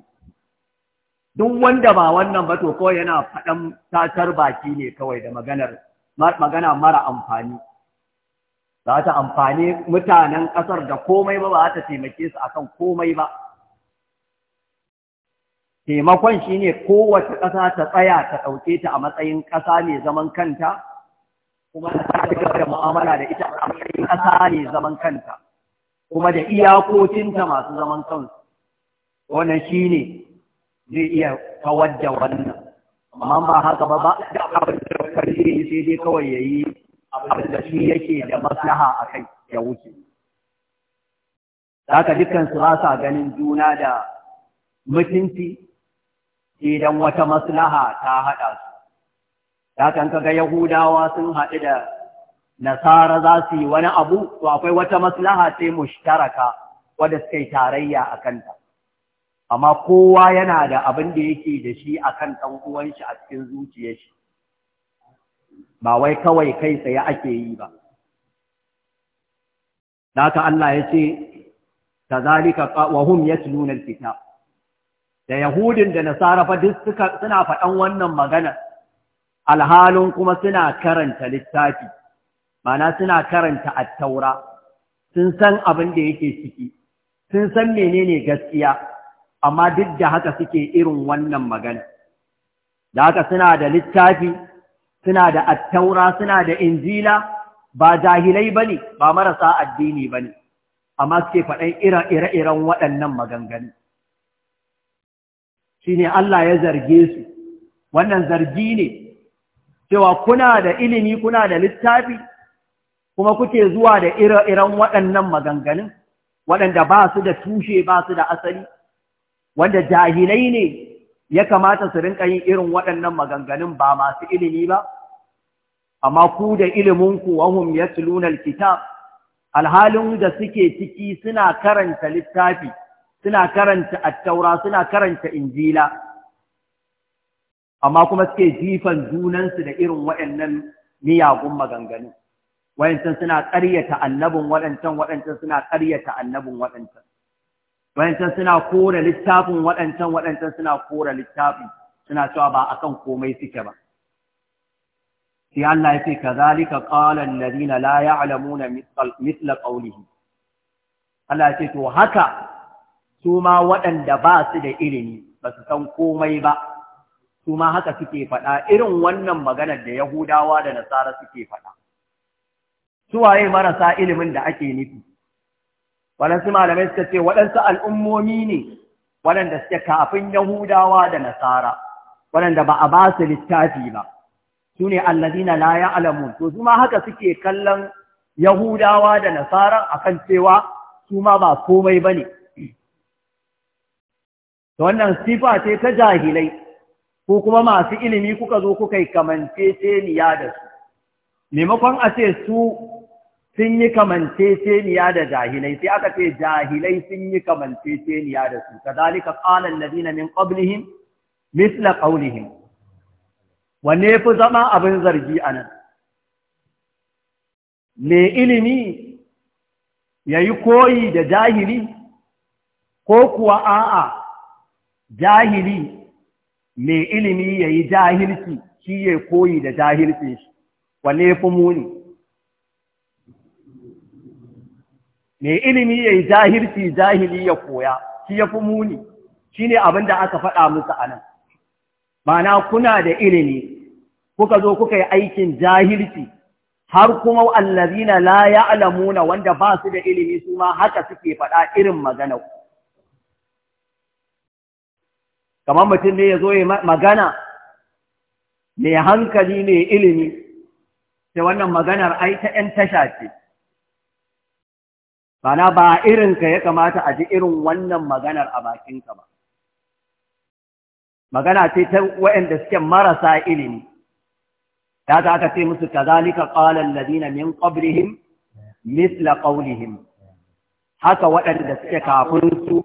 Duk wanda ba wannan ba to kawai yana faɗan tatar baki ne kawai da maganar magana mara amfani. Za ta amfani mutanen ƙasar da komai ba ba za ta taimake su akan komai ba. taimakon ne kowace ƙasa ta tsaya ta ɗauke ta a matsayin ƙasa mai zaman kanta kuma ta da mu'amala da ita a matsayin ƙasa mai zaman kanta kuma da iyakokinta masu zaman kansu wannan shi ne zai iya kawar da wannan amma ba haka ba ba da abin da karfi sai dai kawai ya yi abin da shi yake da maslaha a kai ya wuce ka dukkan su ba sa ganin juna da mutunci idan wata maslaha ta haɗa su. ka ga Yahudawa sun haɗu da Nasara za su yi wani abu, to akwai wata maslaha sai mushtaraka wadda suka tarayya a kanta. Amma kowa yana da abin da yake da shi akan kan ɗan uwanshi a cikin zuciyar shi. Ba wai kawai kai tsaye ake yi ba. naka Allah ya ce, ta zalika wa hum yatluna alkitab da Yahudin da Nasara fa duk suna faɗan wannan magana alhalun kuma suna karanta littafi mana suna karanta attaura sun san abin da yake ciki sun san menene gaskiya amma duk da haka suke irin wannan magana da haka suna da littafi suna da attaura suna da injila ba jahilai bane ba marasa addini bane amma suke faɗan ire-iren waɗannan maganganu Shin Allah ya zarge su wannan zargi ne cewa kuna da ilimi kuna da littafi kuma kuke zuwa da ire-iren waɗannan maganganun waɗanda ba su da tushe ba su da asali wanda jahilai ne ya kamata su rinka yin irin waɗannan maganganun ba masu ilimi ba amma ku da iliminku wahum tulunar kitab? alhalin da suke ciki suna karanta littafi suna karanta attaura suna karanta injila amma kuma suke jifan junansu da irin waɗannan miyagun maganganu waɗancan suna ƙaryata annabin waɗancan waɗancan suna ƙaryata annabin waɗancan waɗancan suna kore littafin waɗancan waɗancan suna kore littafin suna cewa ba akan komai suke ba sai Allah ya ce kazalika qala alladhina la ya'lamuna mithla qawlihi Allah ya ce to haka su ma waɗanda ba su da ilimi ba su san komai ba su ma haka suke faɗa irin wannan maganar da yahudawa da nasara suke faɗa suwaye marasa ilimin da ake nufi waɗansu malamai suka ce waɗansu al'ummomi ne waɗanda suke kafin yahudawa da nasara waɗanda ba a ba su littafi ba su ne allazina la ya'lamun to su ma haka suke kallon yahudawa da nasara a kan cewa su ma ba komai ba ne. to wannan sifa ce ta jahilai ko kuma masu ilimi kuka zo kuka yi kamanceceniya da su maimakon a ce su sun yi kamanceceniya da jahilai sai aka ce jahilai sun yi kamanceceniya da su Ka kazalika na zina min qablihim misla ƙaunihim wanne fi zama abin zargi a nan me ilimi ya yi koyi da jahili ko kuwa a'a jahili mai ilimi ya yi jahilci shi ya koyi da jahilci shi wanne fi muni mai ilimi ya yi jahilci jahili ya koya shi ya fi muni shi ne abin da aka faɗa musu a nan mana kuna da ilimi kuka zo kuka yi aikin jahilci har kuma allazina la Alamuna, wanda ba su da ilimi su ma haka suke faɗa irin maganau kamar mutum ne ya zo ya magana mai hankali mai ilimi sai wannan maganar ai ta ‘yan tasha ce bana ba irinka ya kamata a ji irin wannan maganar a bakinka ba magana ce ta waɗanda suke marasa ilimi ta za ka ce musu kazalika qala alladhina min qablihim misla ƙaunihim. haka waɗanda suke kafin su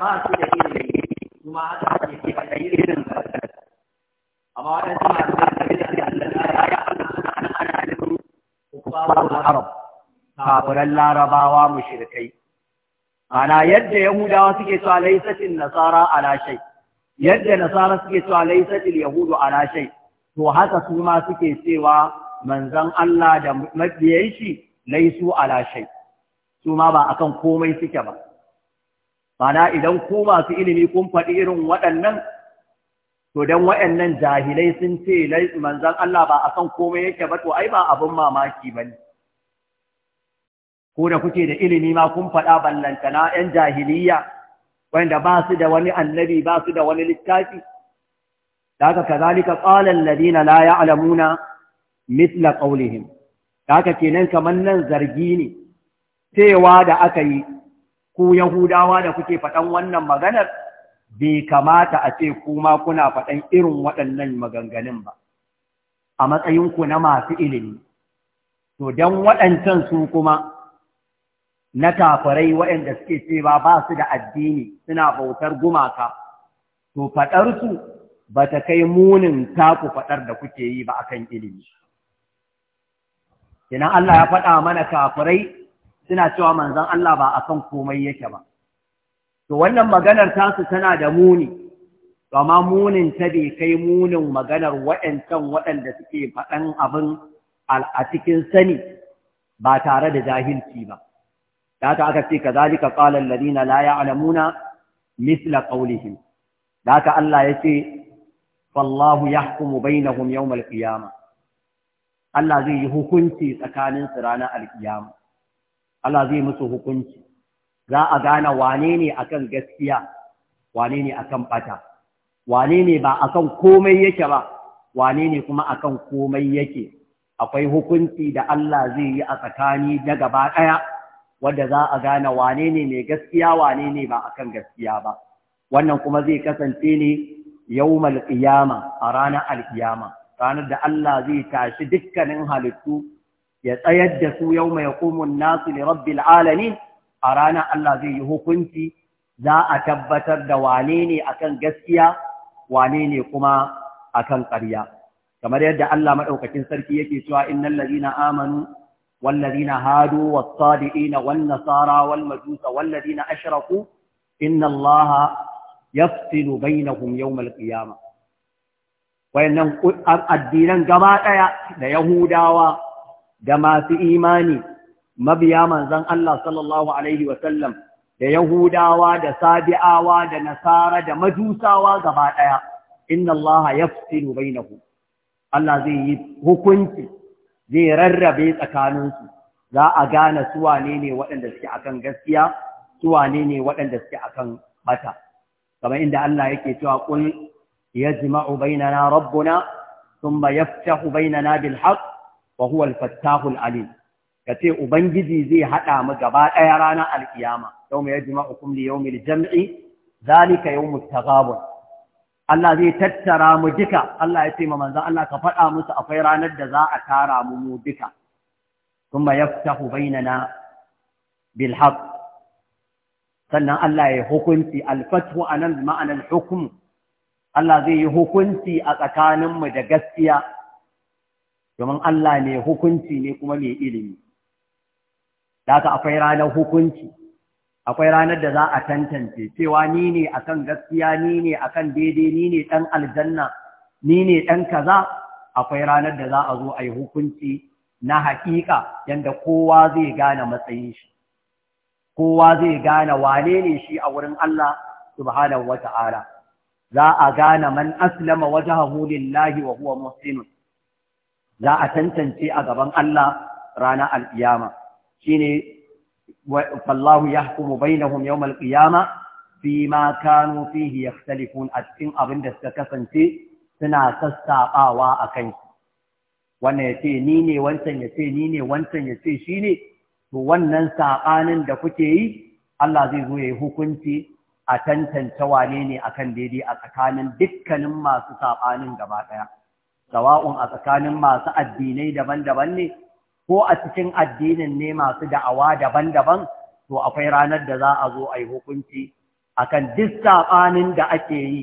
ba su da ilimi kuma haka ne ke da ilimin ba, waɗansu masu da su da Allah ya ya ana ana nufin kufarul arab kafiran larabawa mushrikai ana yadda yahudawa suke cewa laisatin nasara a lashe. yadda nasara suke cewa laisatil yahudu a lashe, to haka su ma suke cewa manzon Allah da mabiyan shi laisu a lashe. su ma ba akan komai suke ba Mana idan ku masu ilimi kun faɗi irin waɗannan, to don waɗannan jahilai sun ce manzan Allah ba a san komai yake ba, to ai ba abin mamaki ba ne. Ko da kuke da ilimi ma kun faɗa ballantana ‘yan jahiliya, wanda ba su da wani annabi ba su da wani littafi. Daga kazalika ƙalan ladina la ya'lamuna misla ƙaulihim. Daga kenan kamar nan zargi ne, cewa da aka yi ku Yahudawa da kuke faɗan wannan maganar bai kamata a ce kuma kuna faɗan irin waɗannan maganganun ba a matsayinku na masu ilimi to don waɗancan su kuma na kafirai waɗanda suke cewa ba su da addini suna bautar gumaka to faɗarsu ba ta kai munin taku faɗar da kuke yi ba akan ilimi. Idan Allah ya faɗa mana kafirai suna cewa manzon Allah ba kan komai yake ba to wannan maganar tasu tana da muni amma munin ta bai kai munin maganar waɗancan waɗanda suke faɗan abin a cikin sani ba tare da jahilci ba da haka aka ce kazalika qala alladhina la ya'lamuna misla qawlihim da haka Allah ya fallahu yahkumu bainahum yawm al-qiyamah Allah zai yi hukunci tsakaninsu ranar alkiyama Allah zai musu hukunci za a gane wane ne akan gaskiya wane ne akan bata wane ne ba akan komai yake ba wane ne kuma akan komai yake akwai hukunci da Allah zai yi a tsakani da gaba ɗaya wanda za a gane wane ne mai gaskiya wane ne ba akan gaskiya ba wannan kuma zai kasance ne yawmal qiyama a ranar alkiyama ranar da Allah zai tashi dukkanin halittu ya tsayar da su yau mai hukumun nasu li rabbil alamin a ranar Allah zai yi hukunci za a tabbatar da wane ne akan gaskiya wane ne kuma akan ƙarya kamar yadda Allah maɗaukacin sarki yake cewa innal ladina amanu wal hadu wasadi'ina sadiqina wan wal majusa wal ladina ashraku inna Allah yafsilu bainahum yawmal qiyamah wayannan addinan gaba ɗaya da yahudawa da masu imani mabiya manzon Allah sallallahu alaihi wasallam da yahudawa da sabi'awa da nasara da majusawa gaba ɗaya inna Allah yafsilu bainahum Allah zai yi hukunci zai rarrabe tsakaninsu za a gane su wane ne waɗanda suke akan gaskiya su wane ne waɗanda suke akan bata kamar inda Allah yake cewa qul yajma'u bainana rabbuna thumma yaftahu bainana bil haqq wa huwa al-fattahul alim kace ubangiji zai haɗa mu gaba daya ranar alkiyama yawma yajma'ukum li yawmil jam'i zalika yawmut taghabun Allah zai tattara mu duka Allah ya ce ma manzon Allah ka faɗa musu akwai ranar da za a tara mu mu duka kuma yaftahu bainana sannan Allah ya anan hukumu Allah zai yi hukunci a tsakaninmu da gaskiya domin Allah ne hukunci ne kuma mai ilimi da haka akwai ranar hukunci akwai ranar da za a tantance cewa ni ne akan gaskiya ni ne akan daidai ni ne ɗan aljanna ni ne ɗan kaza akwai ranar da za a zo a yi hukunci na haƙiƙa yanda kowa zai gane matsayin shi kowa zai gane wane ne shi a wurin Allah subhanahu wata'ala za a gane man aslama wajhahu lillahi wa huwa muhsinun za a tantance a gaban Allah ranar al'iyama shine fallahu yahkumu bainahum yawmal qiyama fi ma kanu fihi yakhtalifun a cikin abin da suka kasance suna sassaɓawa a kan wannan ya ce ni ne wancan ya ce ni ne wancan ya ce shi ne to wannan saɓanin da kuke yi Allah zai zo ya yi hukunci a tantance wane ne akan daidai a tsakanin dukkanin masu saɓanin gaba ɗaya sawa'un a tsakanin masu addinai daban-daban ne ko a cikin addinin ne masu da'awa daban-daban to akwai ranar da za a zo a yi hukunci akan kan saɓanin da ake yi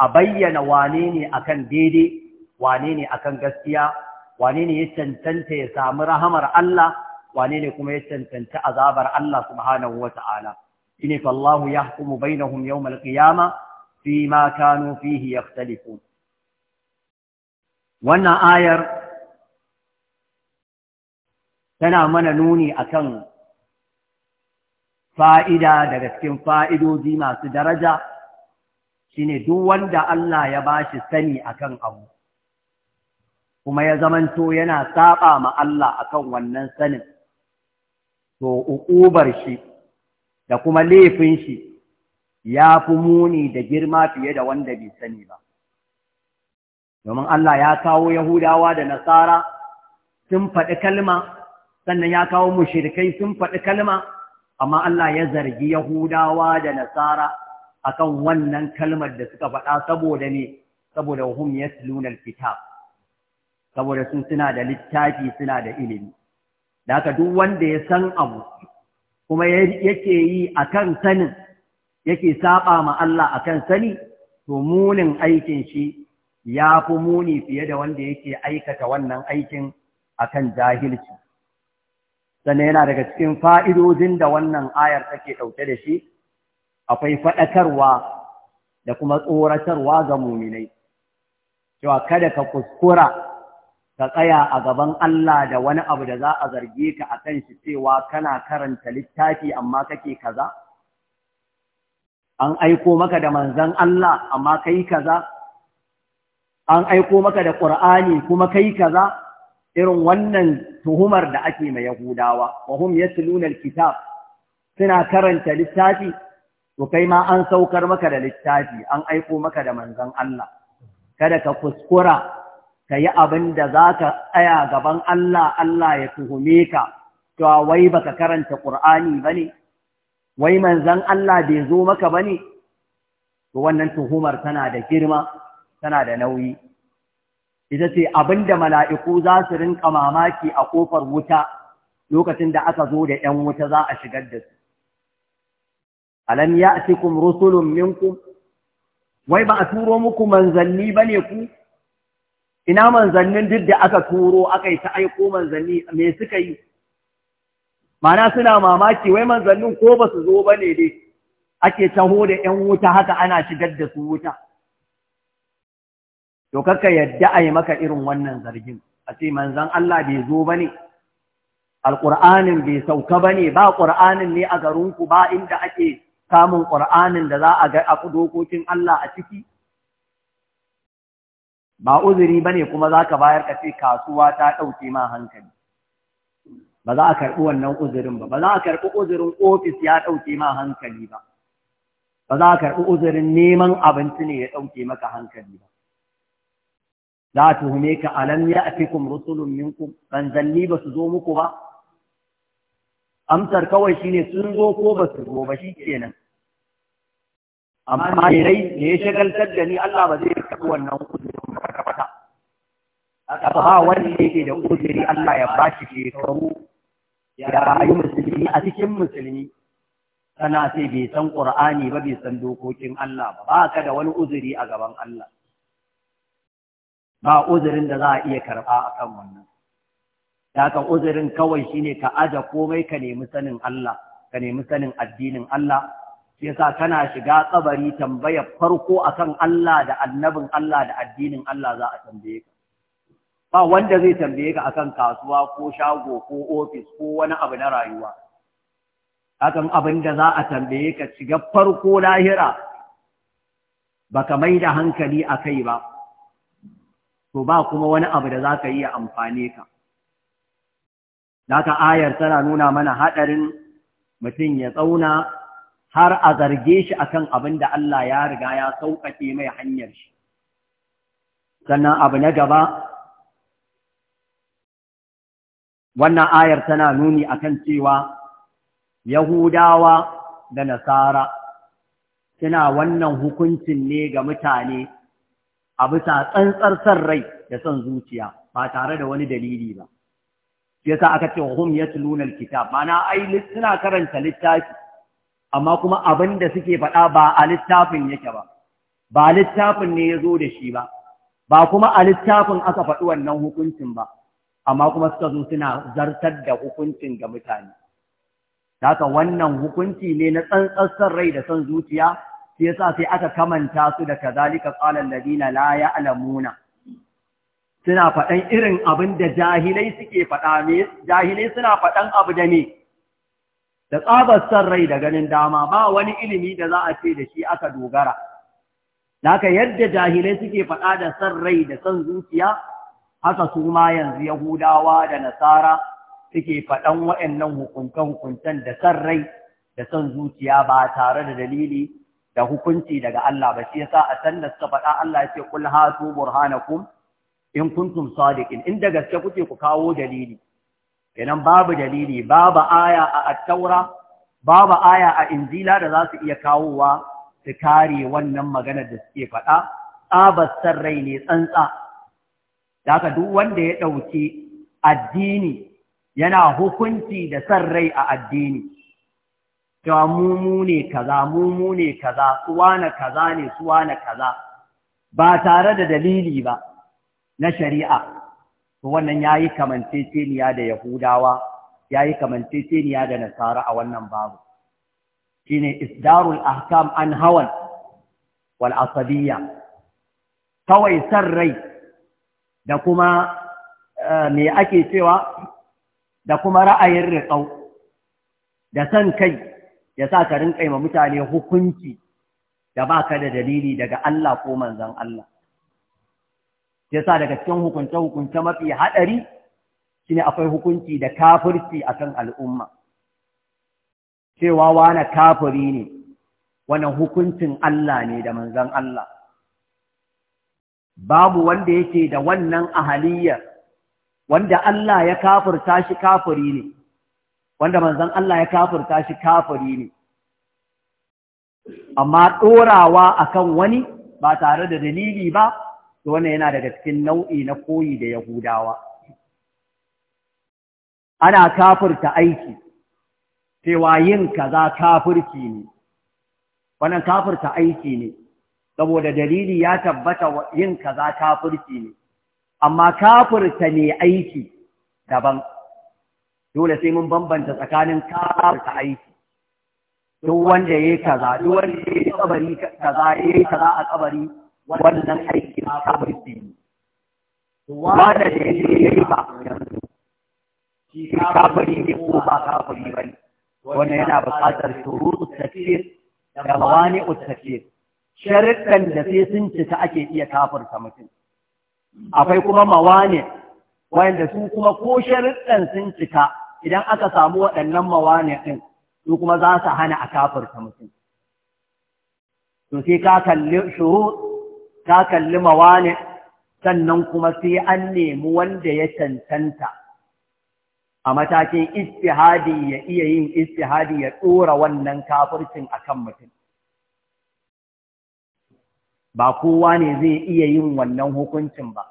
a bayyana wane ne akan daidai wane ne akan gaskiya wane ne ya cancanta ya samu rahamar Allah wane ne kuma ya cancanta azabar Allah subhanahu wata'ala inifallahu fallahu yahkumu bainahum yawmal qiyamah fi ma kanu fihi yakhtalifun wannan ayar tana mana nuni akan fa'ida daga cikin fa'idoji masu daraja shine duk wanda Allah ya ba shi sani akan abu kuma ya zamanto yana saba ma Allah akan wannan sanin to uƙubar shi da kuma laifin shi ya fi muni da girma fiye da wanda bai sani ba domin Allah ya kawo Yahudawa da Nasara sun faɗi kalma sannan ya kawo mushrikai sun faɗi kalma amma Allah ya zargi Yahudawa da Nasara akan wannan kalmar da suka faɗa saboda ne saboda hum silunar alkitab saboda sun suna da littafi suna da ilimi da haka duk wanda ya san abu kuma yake yi akan sanin yake saba ma Allah akan sani to munin aikin shi ya fi muni fiye da wanda yake aikata wannan aikin akan jahilci sannan yana daga cikin fa'idodin da wannan ayar take ɗauke da shi akwai faɗakarwa da kuma tsoratarwa ga muminai cewa kada ka kuskura ka tsaya a gaban Allah da wani abu da za a zarge ka a kan shi cewa kana karanta littafi amma kake kaza an aiko maka da manzan Allah amma kai kaza an aiko maka da ƙur'ani kuma kai kaza irin wannan tuhumar da ake ma yahudawa wa hum yatluna alkitab suna karanta littafi to kai ma an saukar maka da littafi an aiko maka da manzon Allah kada ka kuskura ka yi abin da za ka tsaya gaban Allah Allah ya tuhume ka to wai baka karanta ƙur'ani bane wai manzon Allah bai zo maka bane to wannan tuhumar tana da girma tana da nauyi ita ce abinda mala'iku za su rinka mamaki a ƙofar wuta lokacin da aka zo da ‘yan wuta za a shigar da su. Alam ya cikin rusulun minku, wai ba a turo muku manzanni ba ne ku? Ina manzannin duk da aka turo aka yi ta aiko manzanni me suka yi? Mana suna mamaki wai manzannin ko ba su zo ba ne dai ake taho da ‘yan wuta haka ana shigar da su wuta. to kaka yadda a yi maka irin wannan zargin a ce manzan Allah bai zo ba ne alƙur'anin bai sauka ba ne ba ƙur'anin ne a garinku ba inda ake samun ƙur'anin da za a ga a dokokin Allah a ciki ba uzuri ba ne kuma za ka bayar ka ce kasuwa ta ɗauke ma hankali ba za a karɓi wannan uzurin ba ba za a karɓi uzurin ofis ya ɗauke ma hankali ba ba za a karɓi uzurin neman abinci ne ya ɗauke maka hankali ba za ta hume ka alam ya fikun rusulun minkum manzanni ba su zo muku ba amsar kawai shi ne sun zo ko ba su zo ba shi nan. amma ne rai ne ya shagaltar da ni Allah ba zai karɓi wannan kudurin ba ka fata aka ba ne ke da uziri Allah ya ba shi shekaru ya rayu musulmi a cikin musulmi kana sai bai san ƙur'ani ba bai san dokokin Allah ba ba ka da wani uzuri a gaban Allah ba uzurin da za a iya karɓa a kan wannan haka uzurin kawai shi ne ka aja komai ka nemi sanin Allah ka nemi sanin addinin Allah sai sa kana shiga tsabari tambaya farko akan Allah da annabin Allah da addinin Allah za a tambaye ka ba wanda zai tambaye ka akan kasuwa ko shago ko ofis ko wani abu na rayuwa akan abin da za a tambaye ka shiga farko lahira baka mai da hankali a kai ba to ba kuma wani abu da za ka yi amfane ka Daka ayar tana nuna mana haɗarin mutum ya tsauna har a zarge shi akan abin da Allah ya riga ya sauƙaƙe mai hanyar shi. Sannan abu na gaba, wannan ayar tana nuni akan cewa Yahudawa da Nasara suna wannan hukuncin ne ga mutane a bisa tsantsar san rai da son zuciya ba tare da wani dalili ba shi yasa aka ce hum yatluna alkitab mana ai suna karanta littafi amma kuma abin da suke faɗa ba a littafin yake ba ba littafin ne ya zo da shi ba ba kuma a littafin aka faɗi wannan hukuncin ba amma kuma suka zo suna zartar da hukuncin ga mutane haka wannan hukunci ne na tsantsar rai da son zuciya shi yasa sai aka kamanta su da kazalika qala alladina la ya'lamuna suna irin abin da jahilai suke faɗa me jahilai suna faɗan abu da ne da tsabar san rai da ganin dama ba wani ilimi da za a ce da shi aka dogara Naka yadda jahilai suke faɗa da san rai da san zuciya haka su ma yanzu Yahudawa da Nasara suke faɗan waɗannan hukuntan-hukuntan da san rai da san zuciya ba tare da dalili da hukunci daga Allah ba shi yasa a san suka faɗa Allah ya ce kul hatu burhanakum in kuntum sadiqin in da gaske kuke ku kawo dalili kenan babu dalili babu aya a at-taura babu aya a injila da za su iya kawowa su kare wannan maganar da suke faɗa tsabar san rai ne tsantsa daga duk wanda ya ɗauki addini yana hukunci da san rai a addini cewa mu ne kaza mumu ne kaza suwana kaza ne suwana kaza ba tare da dalili ba na shari'a to wannan yayi kamanceceniya da yahudawa yayi kamanceceniya da nasara a wannan babu shine isdarul ahkam an hawan wal asabiyya kawai san rai da kuma eh, me ake cewa da kuma ra'ayin riƙau da san kai ya sa ka rinƙa ma mutane hukunci da ba ka da dalili daga Allah ko manzan Allah. Ya sa daga cikin hukunce-hukunce mafi haɗari shi ne akwai hukunci da kafirci a kan al'umma. Cewa wane kafiri ne, wannan hukuncin Allah ne da manzan Allah. Babu wanda yake da wannan ahaliyar wanda Allah ya kafirta shi kafiri ne. wanda manzon Allah ya kafurta shi kafuri ne amma ɗorawa akan wani ba tare da dalili ba to wannan yana daga cikin nau'i na koyi da Yahudawa ana kafurta aiki cewa yin kaza kafirci ne wannan kafurta aiki ne saboda dalili ya tabbata yin kaza kafirci ne amma kafurta ne aiki daban dole sai mun bambanta tsakanin kawar ta aiki duk wanda ya yi kaza duk wanda yi kabari kaza yayi kaza a kabari wannan aiki na kabari yi wanda da yi ba shi kabari ne ko ba kabari ne? wannan yana buƙatar turu tafsir da mawani tafsir sharikan da sai sun cika ake iya kafarta mutum akwai kuma mawani wanda su kuma ko sharikan sun cika idan aka samu waɗannan mawane ɗin su kuma za su hana a kafirta mutum to sai ka kalli shuru ka kalli mawane sannan kuma sai an nemi wanda ya cancanta a matakin istihadi ya iya yin istihadi ya ɗora wannan kafircin a kan mutum ba kowa ne zai iya yin wannan hukuncin ba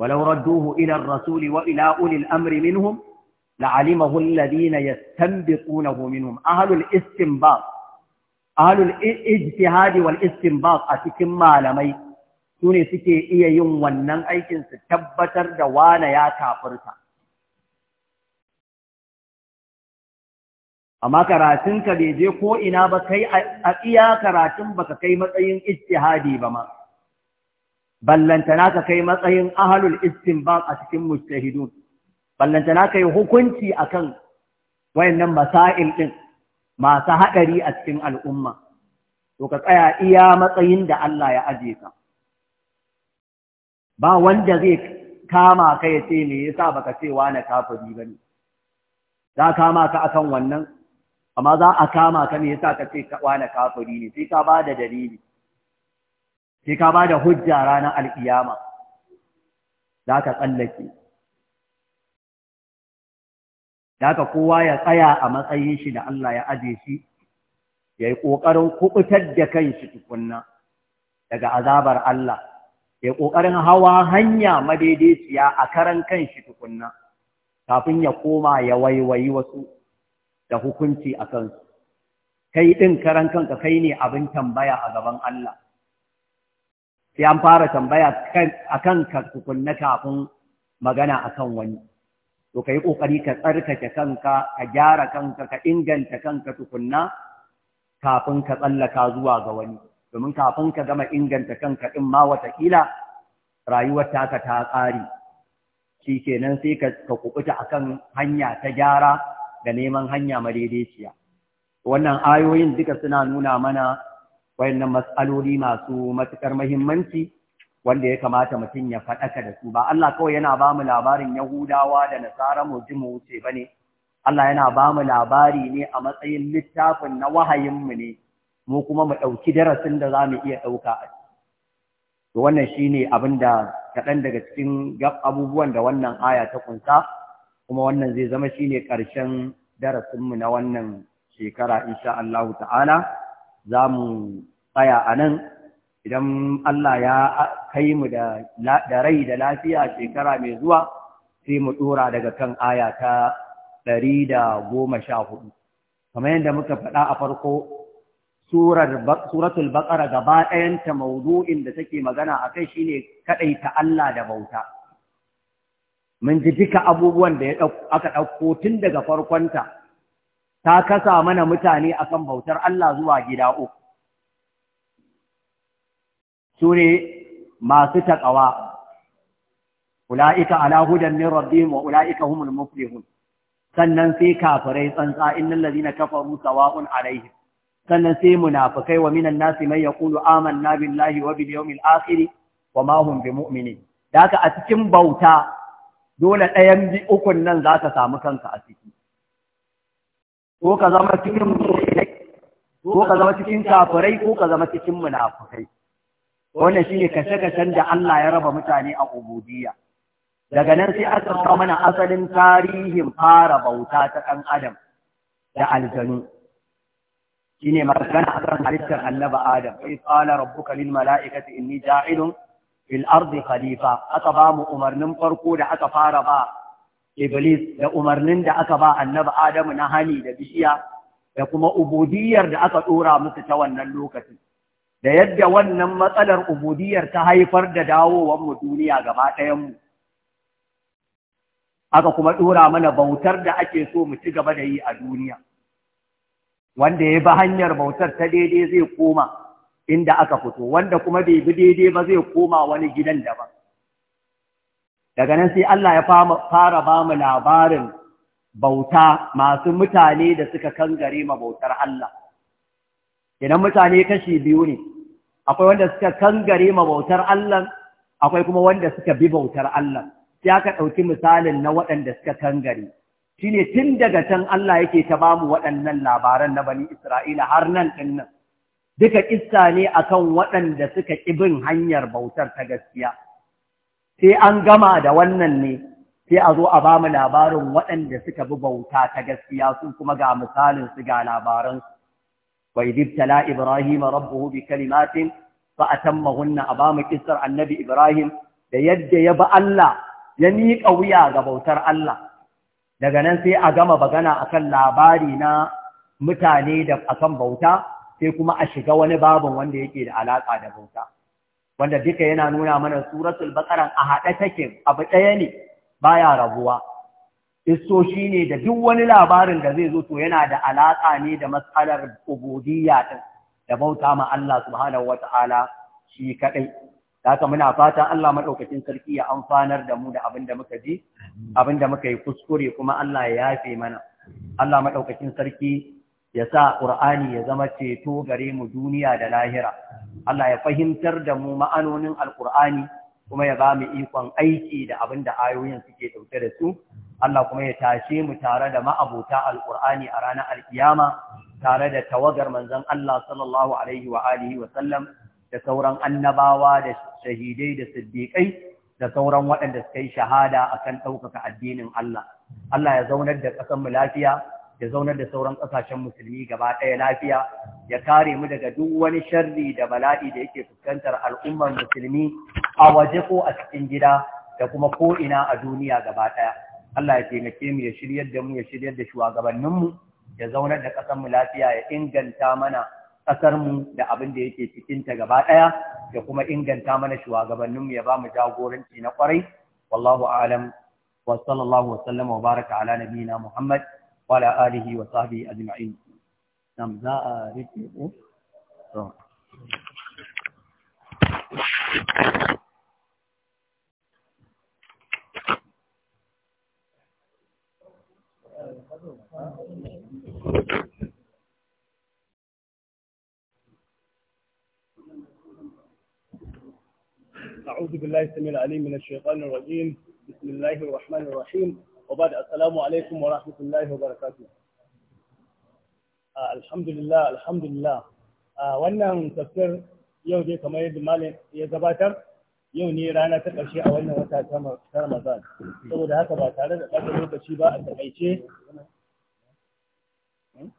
ولو ردوه إلى الرسول وإلى أولي الأمر منهم لعلمه الذين يستنبطونه منهم أهل الاستنباط أهل الاجتهاد والاستنباط أتكم مالمي سوني سكي إيا يوم ونن أيكن ستبتر دوانا يا كافرتا amma karatunka bai je ko ina ba kai a iya karatun baka kai matsayin ijtihadi ba ma ballantana ka kai matsayin ahalul istinbaq a cikin mujtahidun ballantana ka yi hukunci akan wayannan masail din masu haɗari a cikin al'umma to ka tsaya iya matsayin da Allah ya aje ka ba wanda zai kama ka ya ce me yasa baka ce wani kafiri bane za kama ka akan wannan amma za a kama ka me yasa ka ce wani kafiri ne sai ka ba da dalili Ke ka ba da hujja ranar al'iyama za ka tsallake za ka kowa ya tsaya a matsayin shi da Allah ya aje shi ya yi ƙoƙarin kuɓutar da kan shi tukunna daga azabar Allah ya yi ƙoƙarin hawa hanya madaidaiciya a karan kan shi tukunna kafin ya koma ya waiwayi wasu da hukunci a kansu kai ɗin karan kanka kai ne abin tambaya a gaban Allah sai an fara tambaya akan ka tukunna kafin magana a kan wani to ka yi ƙoƙari ka tsarkake kanka ka gyara kanka ka inganta kanka tukunna kafin ka tsallaka zuwa ga wani domin kafin ka gama inganta kanka ɗin ma watakila rayuwar taka ta ƙari. shikenan sai ka ka a akan hanya ta gyara da neman hanya madaidaiciya wannan ayoyin duka suna nuna mana wayannan mas'aloli masu matukar muhimmanci wanda ya kamata mutum ya faɗaka da su ba Allah kawai yana ba mu labarin Yahudawa da Nasara mu ji mu wuce bane Allah yana ba mu labari ne a matsayin littafin na wahayin mu ne mu kuma mu ɗauki darasin da zamu iya ɗauka a to wannan shine abin da kaɗan daga cikin gab abubuwan da wannan aya ta kunsa kuma wannan zai zama shine ƙarshen mu na wannan shekara insha Allah ta'ala za mu tsaya a nan idan Allah ya kai mu da rai da lafiya shekara mai zuwa sai mu ɗora daga kan aya ta ɗari da goma sha hudu kamar yadda muka faɗa a farko suratul baƙara gaba ɗayanta maudu'in da take magana a kai shine ta Allah da bauta mun ji duka abubuwan da aka ɗauko tun daga farkonta ta kasa mana mutane akan bautar Allah zuwa gida uku sune masu taqawa ulaika ala hudan min rabbihim wa ulaika humul muflihun sannan sai kafirai tsantsa innal ladina kafaru sawa'un alaihim sannan sai munafikai wa minan nasi man yaqulu amanna billahi wa bil yawmil akhir wa ma hum bimu'minin daga a cikin bauta dole ɗayan bi ukun nan zaka samu kanka a ciki ko ka zama cikin mu'minai ko ka zama cikin kafirai ko ka zama cikin munafukai wannan shine kashe-kashen da Allah ya raba mutane a ubudiyya daga nan sai aka kawo mana asalin tarihin fara bauta ta ɗan adam da aljanu shine magana akan halittar annabi adam sai qala rabbuka lil mala'ikati inni ja'ilun fil ardi khalifa aka ba mu umarnin farko da aka fara ba Iblis da umarnin da aka ba annabi Adamu na hani da bishiya da kuma ubudiyar da aka ɗora musu ta wannan lokacin. Da yadda wannan matsalar ubudiyar ta haifar da dawowanmu duniya gaba ɗayanmu. Aka kuma ɗora mana bautar da ake so mu ci gaba da yi a duniya. Wanda ya bi hanyar bautar ta daidai zai koma inda aka fito, wanda kuma bai bi daidai ba zai koma wani gidan daban. daga nan sai Allah ya fara ba mu labarin bauta masu mutane da suka kangare ma bautar Allah idan mutane kashi biyu ne akwai wanda suka kangare ma bautar Allah akwai kuma wanda suka bi bautar Allah sai aka ɗauki misalin na waɗanda suka kangare shine tun daga can Allah yake ta ba mu waɗannan labaran na bani Isra'ila har nan ɗinnan. nan duka kissa ne akan waɗanda suka ƙi bin hanyar bautar ta gaskiya sai an gama da wannan ne sai a zo a ba mu labarin waɗanda suka bi bauta ta gaskiya su kuma ga misalin su ga labaran wa idibtala ibrahim rabbuhu bi kalimatin fa atammahunna a ba mu kissar annabi ibrahim da yadda ya bi Allah ya miƙa wuya ga bautar Allah daga nan sai a gama bagana akan labari na mutane da akan bauta sai kuma a shiga wani babin wanda yake da alaƙa da bauta wanda duka yana nuna mana suratul baqara a haɗe take abu ɗaya ne baya rabuwa istoshi ne da duk wani labarin da zai zo to yana da alaƙa ne da matsalar ubudiyya din da bauta ma Allah subhanahu wata'ala shi kadai haka muna fatan Allah madaukakin sarki ya amfanar da mu da abin da muka ji abin da muka yi kuskure kuma Allah ya yafe mana Allah madaukakin sarki ya sa Qur'ani ya zama ceto gare mu duniya da lahira Allah ya fahimtar da mu ma'anonin alkur'ani kuma ya ba mu ikon aiki da abin da ayoyin suke ɗauke da su Allah kuma ya tashe mu tare da ma'abuta alkur'ani a ranar alkiyama tare da tawagar manzon Allah sallallahu alaihi wa alihi da sauran annabawa da shahidai da siddiƙai da sauran waɗanda suka yi shahada kan ɗaukaka addinin Allah Allah ya zaunar da ƙasar mu lafiya ya zaunar da sauran ƙasashen musulmi gaba ɗaya lafiya ya kare mu daga duk wani sharri da bala'i da yake fuskantar al'ummar musulmi a waje ko a cikin gida da kuma ko ina a duniya gaba ɗaya Allah ya taimake mu ya shiryar da mu ya shiryar da shugabanninmu ya zaunar da ƙasarmu lafiya ya inganta mana ƙasarmu da abin da yake cikin ta gaba ɗaya ya kuma inganta mana shugabanninmu ya ba mu jagoranci na kwarai wallahu a'lam wa sallallahu wa sallama wa baraka ala nabiyina muhammad وعلى آله وصحبه أجمعين نمزاء ذا رجل أعوذ بالله السميع العليم من الشيطان الرجيم بسم الله الرحمن الرحيم وبعد السلام عليكم ورحمة الله وبركاته الحمد لله الحمد لله wannan tafsir yau dai kamar malam ya gabatar yau ne rana ta ƙarshe a wannan wata ta Ramadan saboda haka ba tare da ɓata lokaci ba a takaice hmm?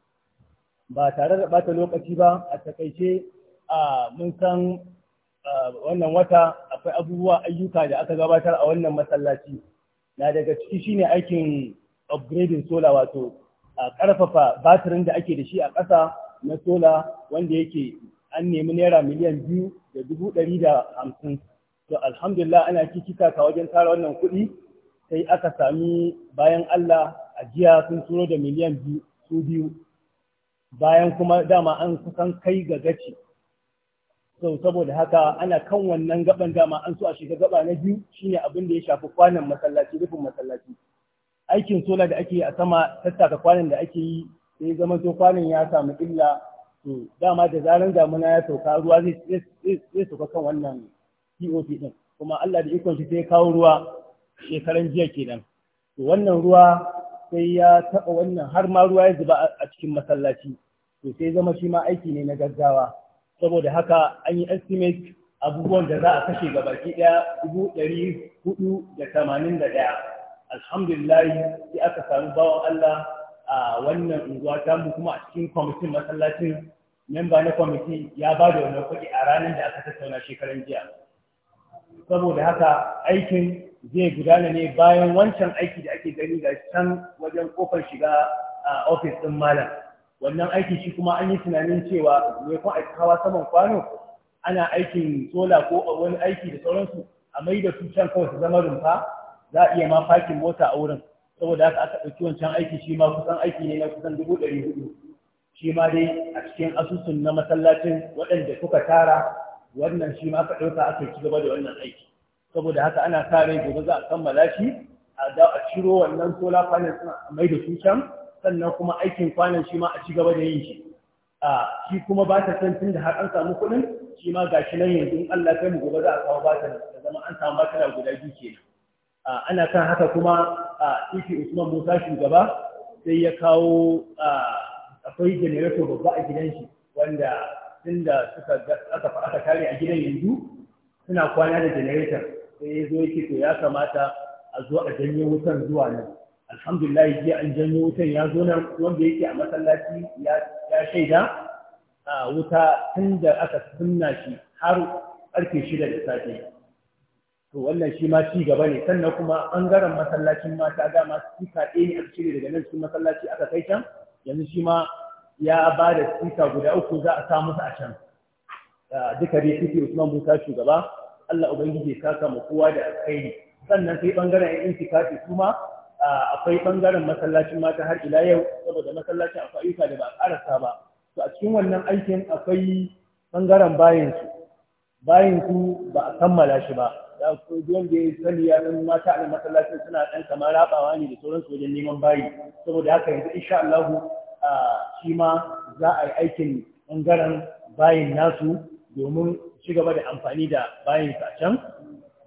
ba tare da ɓata lokaci ba a takaice a mun san ah, wannan wata akwai abubuwa ayyuka da aka gabatar a wannan masallaci na daga ciki shi ne aikin upgrading solar wato a karfafa batirin da ake da shi a ƙasa na solar wanda yake an nemi naira miliyan biyu da dubu ɗari da hamsin to alhamdulillah ana kikika ka wajen tara wannan kuɗi sai aka sami bayan Allah ajiya jiya sun turo da miliyan biyu su biyu bayan kuma dama an kusan kai ga gaci so saboda haka ana kan wannan gaban dama an so a shiga gaba na biyu shine abin da ya shafi kwanan masallaci rufin masallaci aikin sola da ake a sama tattaka kwanan da ake yi sai zama to kwanan ya samu illa to dama da zaran damuna ya sauka ruwa zai sauka kan wannan POP din kuma Allah da ikon shi sai kawo ruwa shekaran jiya kenan to wannan ruwa sai ya taɓa wannan har ma ruwa ya zuba a cikin masallaci to sai zama shi ma aiki ne na gaggawa saboda haka an yi estimate abubuwan da za a kashe ga baki ɗaya dubu ɗari hudu da tamanin da ɗaya alhamdulillah sai aka samu bawan Allah a wannan unguwa ta mu kuma a cikin kwamitin masallacin memba na kwamiti ya ba da wani kuɗi a ranar da aka tattauna shekaran jiya saboda haka aikin zai gudana ne bayan wancan aiki da ake gani ga can wajen kofar shiga a ofis ɗin malam wannan aiki shi kuma an yi tunanin cewa mai kuma aiki hawa saman kwano ana aikin sola ko wani aiki da sauransu a mai da su can kawai su zama rumfa za a iya ma fakin mota a wurin saboda haka aka ɗauki wancan aiki shi ma kusan aiki ne na kusan dubu ɗari hudu shi ma dai a cikin asusun na masallacin waɗanda kuka tara wannan shi ma aka ɗauka aka ci gaba da wannan aiki saboda haka ana sa rai gobe za a kammala shi a ciro wannan solar panel a mai da su can sannan kuma aikin kwanan shi ma a ci gaba da yin shi a shi kuma ba ta san tun da har an samu kuɗin shi ma ga shi nan yanzu in Allah kai mu gobe za a kawo bata da zama an samu bata guda biyu kenan ana kan haka kuma a Ifi Usman Musa shugaba sai ya kawo akwai generator babba a gidan shi wanda tunda suka aka aka tare a gidan yanzu suna kwana da generator sai ya zo yake to ya kamata a zo a janye wutan zuwa nan alhamdulillah jiya an janyo wutan ya zo nan wanda yake a masallaci ya shaida wuta tun da aka sunna shi har karfe shida da safe to wannan shi ma ci gaba ne sannan kuma bangaren masallacin mata dama sika ɗaya ne aka cire daga nan cikin masallaci aka kai can yanzu shi ma ya ba da sika guda uku za a sa musu a can duka dai suke usman musa shugaba allah ubangiji ya saka ma kowa da alkhairi sannan sai ɓangaren yan intikafi su ma akwai bangaren masallacin mata har ila yau saboda masallacin akwai ayyuka da ba a karasa ba to a cikin wannan aikin akwai bangaren bayan su bayan su ba a kammala shi ba da da ya sani ya san mata a masallacin suna dan kamar rabawa ne da sauransu wajen neman bayi saboda haka yanzu insha Allah shi ma za a yi aikin bangaren bayin nasu domin ci gaba da amfani da bayin a can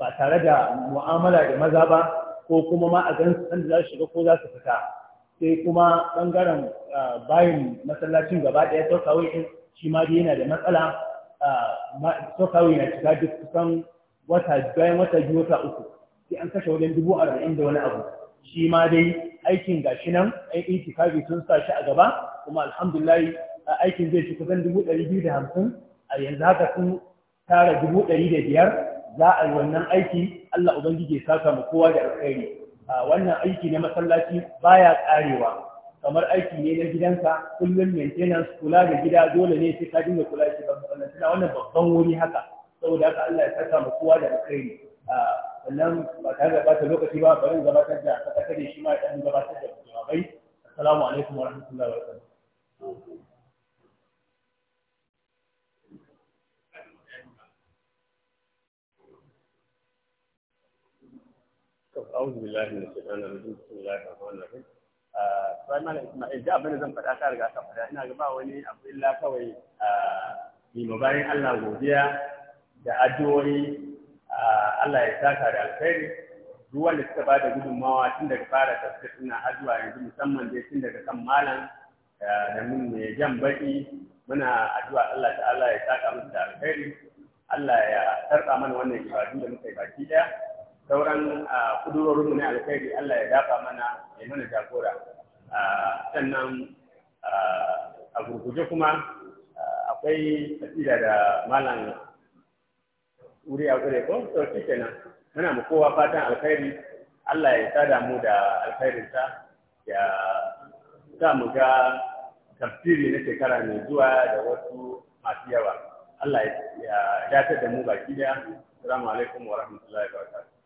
ba tare da mu'amala da maza ba ko kuma ma a gan san za su shiga ko za su fita sai kuma bangaren bayan masallacin gaba ɗaya saukawai ɗin shi ma dai yana da matsala saukawai na shiga duk kusan wata bayan wata biyu wata uku sai an kashe wajen dubu arba'in da wani abu shi ma dai aikin gashi nan ai itikafi sun sa shi a gaba kuma alhamdulillah aikin zai shi kusan dubu ɗari biyu da hamsin a yanzu haka sun tara dubu ɗari da biyar za a yi wannan aiki Allah ubangiji ya saka mu kowa da alkhairi wannan aiki na masallaci baya karewa kamar aiki ne na gidansa, kullum maintenance kula da gida dole ne sai ka dinga kula shi ba masallaci wannan babban wuri haka saboda haka Allah ya saka mu kowa da alkhairi sannan ba tare da bata lokaci ba bari gabatar da sakatare shi ma dan gabatar da jawabai assalamu alaikum wa rahmatullahi wa barakatuh أعوذ بالله من الشيطان الرجيم بسم الله الرحمن الرحيم sai mana Ismail da abin da zan faɗa ka riga ka faɗa ina ga ba wani abu illa kawai ni ma bayan Allah godiya da addu'o'i Allah ya saka da alkhairi duk wanda suka ba da gudunmawa tun daga fara tafsir ina addu'a yanzu musamman dai tun daga kan malam da mun mai jan baki muna addu'a Allah ta'ala ya saka musu da alkhairi Allah ya sarka mana wannan ibadu da muka yi baki ɗaya. sauran kudurorin mu na alkhairi Allah ya dafa mana ya mana jagora sannan a gurguje kuma akwai tafiya da malam wuri a wuri ko to kenan muna mu kowa fatan alkhairi Allah ya sada mu da alkhairinsa ya sa mu ga tafsiri na shekara mai zuwa da wasu masu yawa Allah ya dace da mu baki daya. Assalamu alaikum wa rahmatullahi wa barakatuh.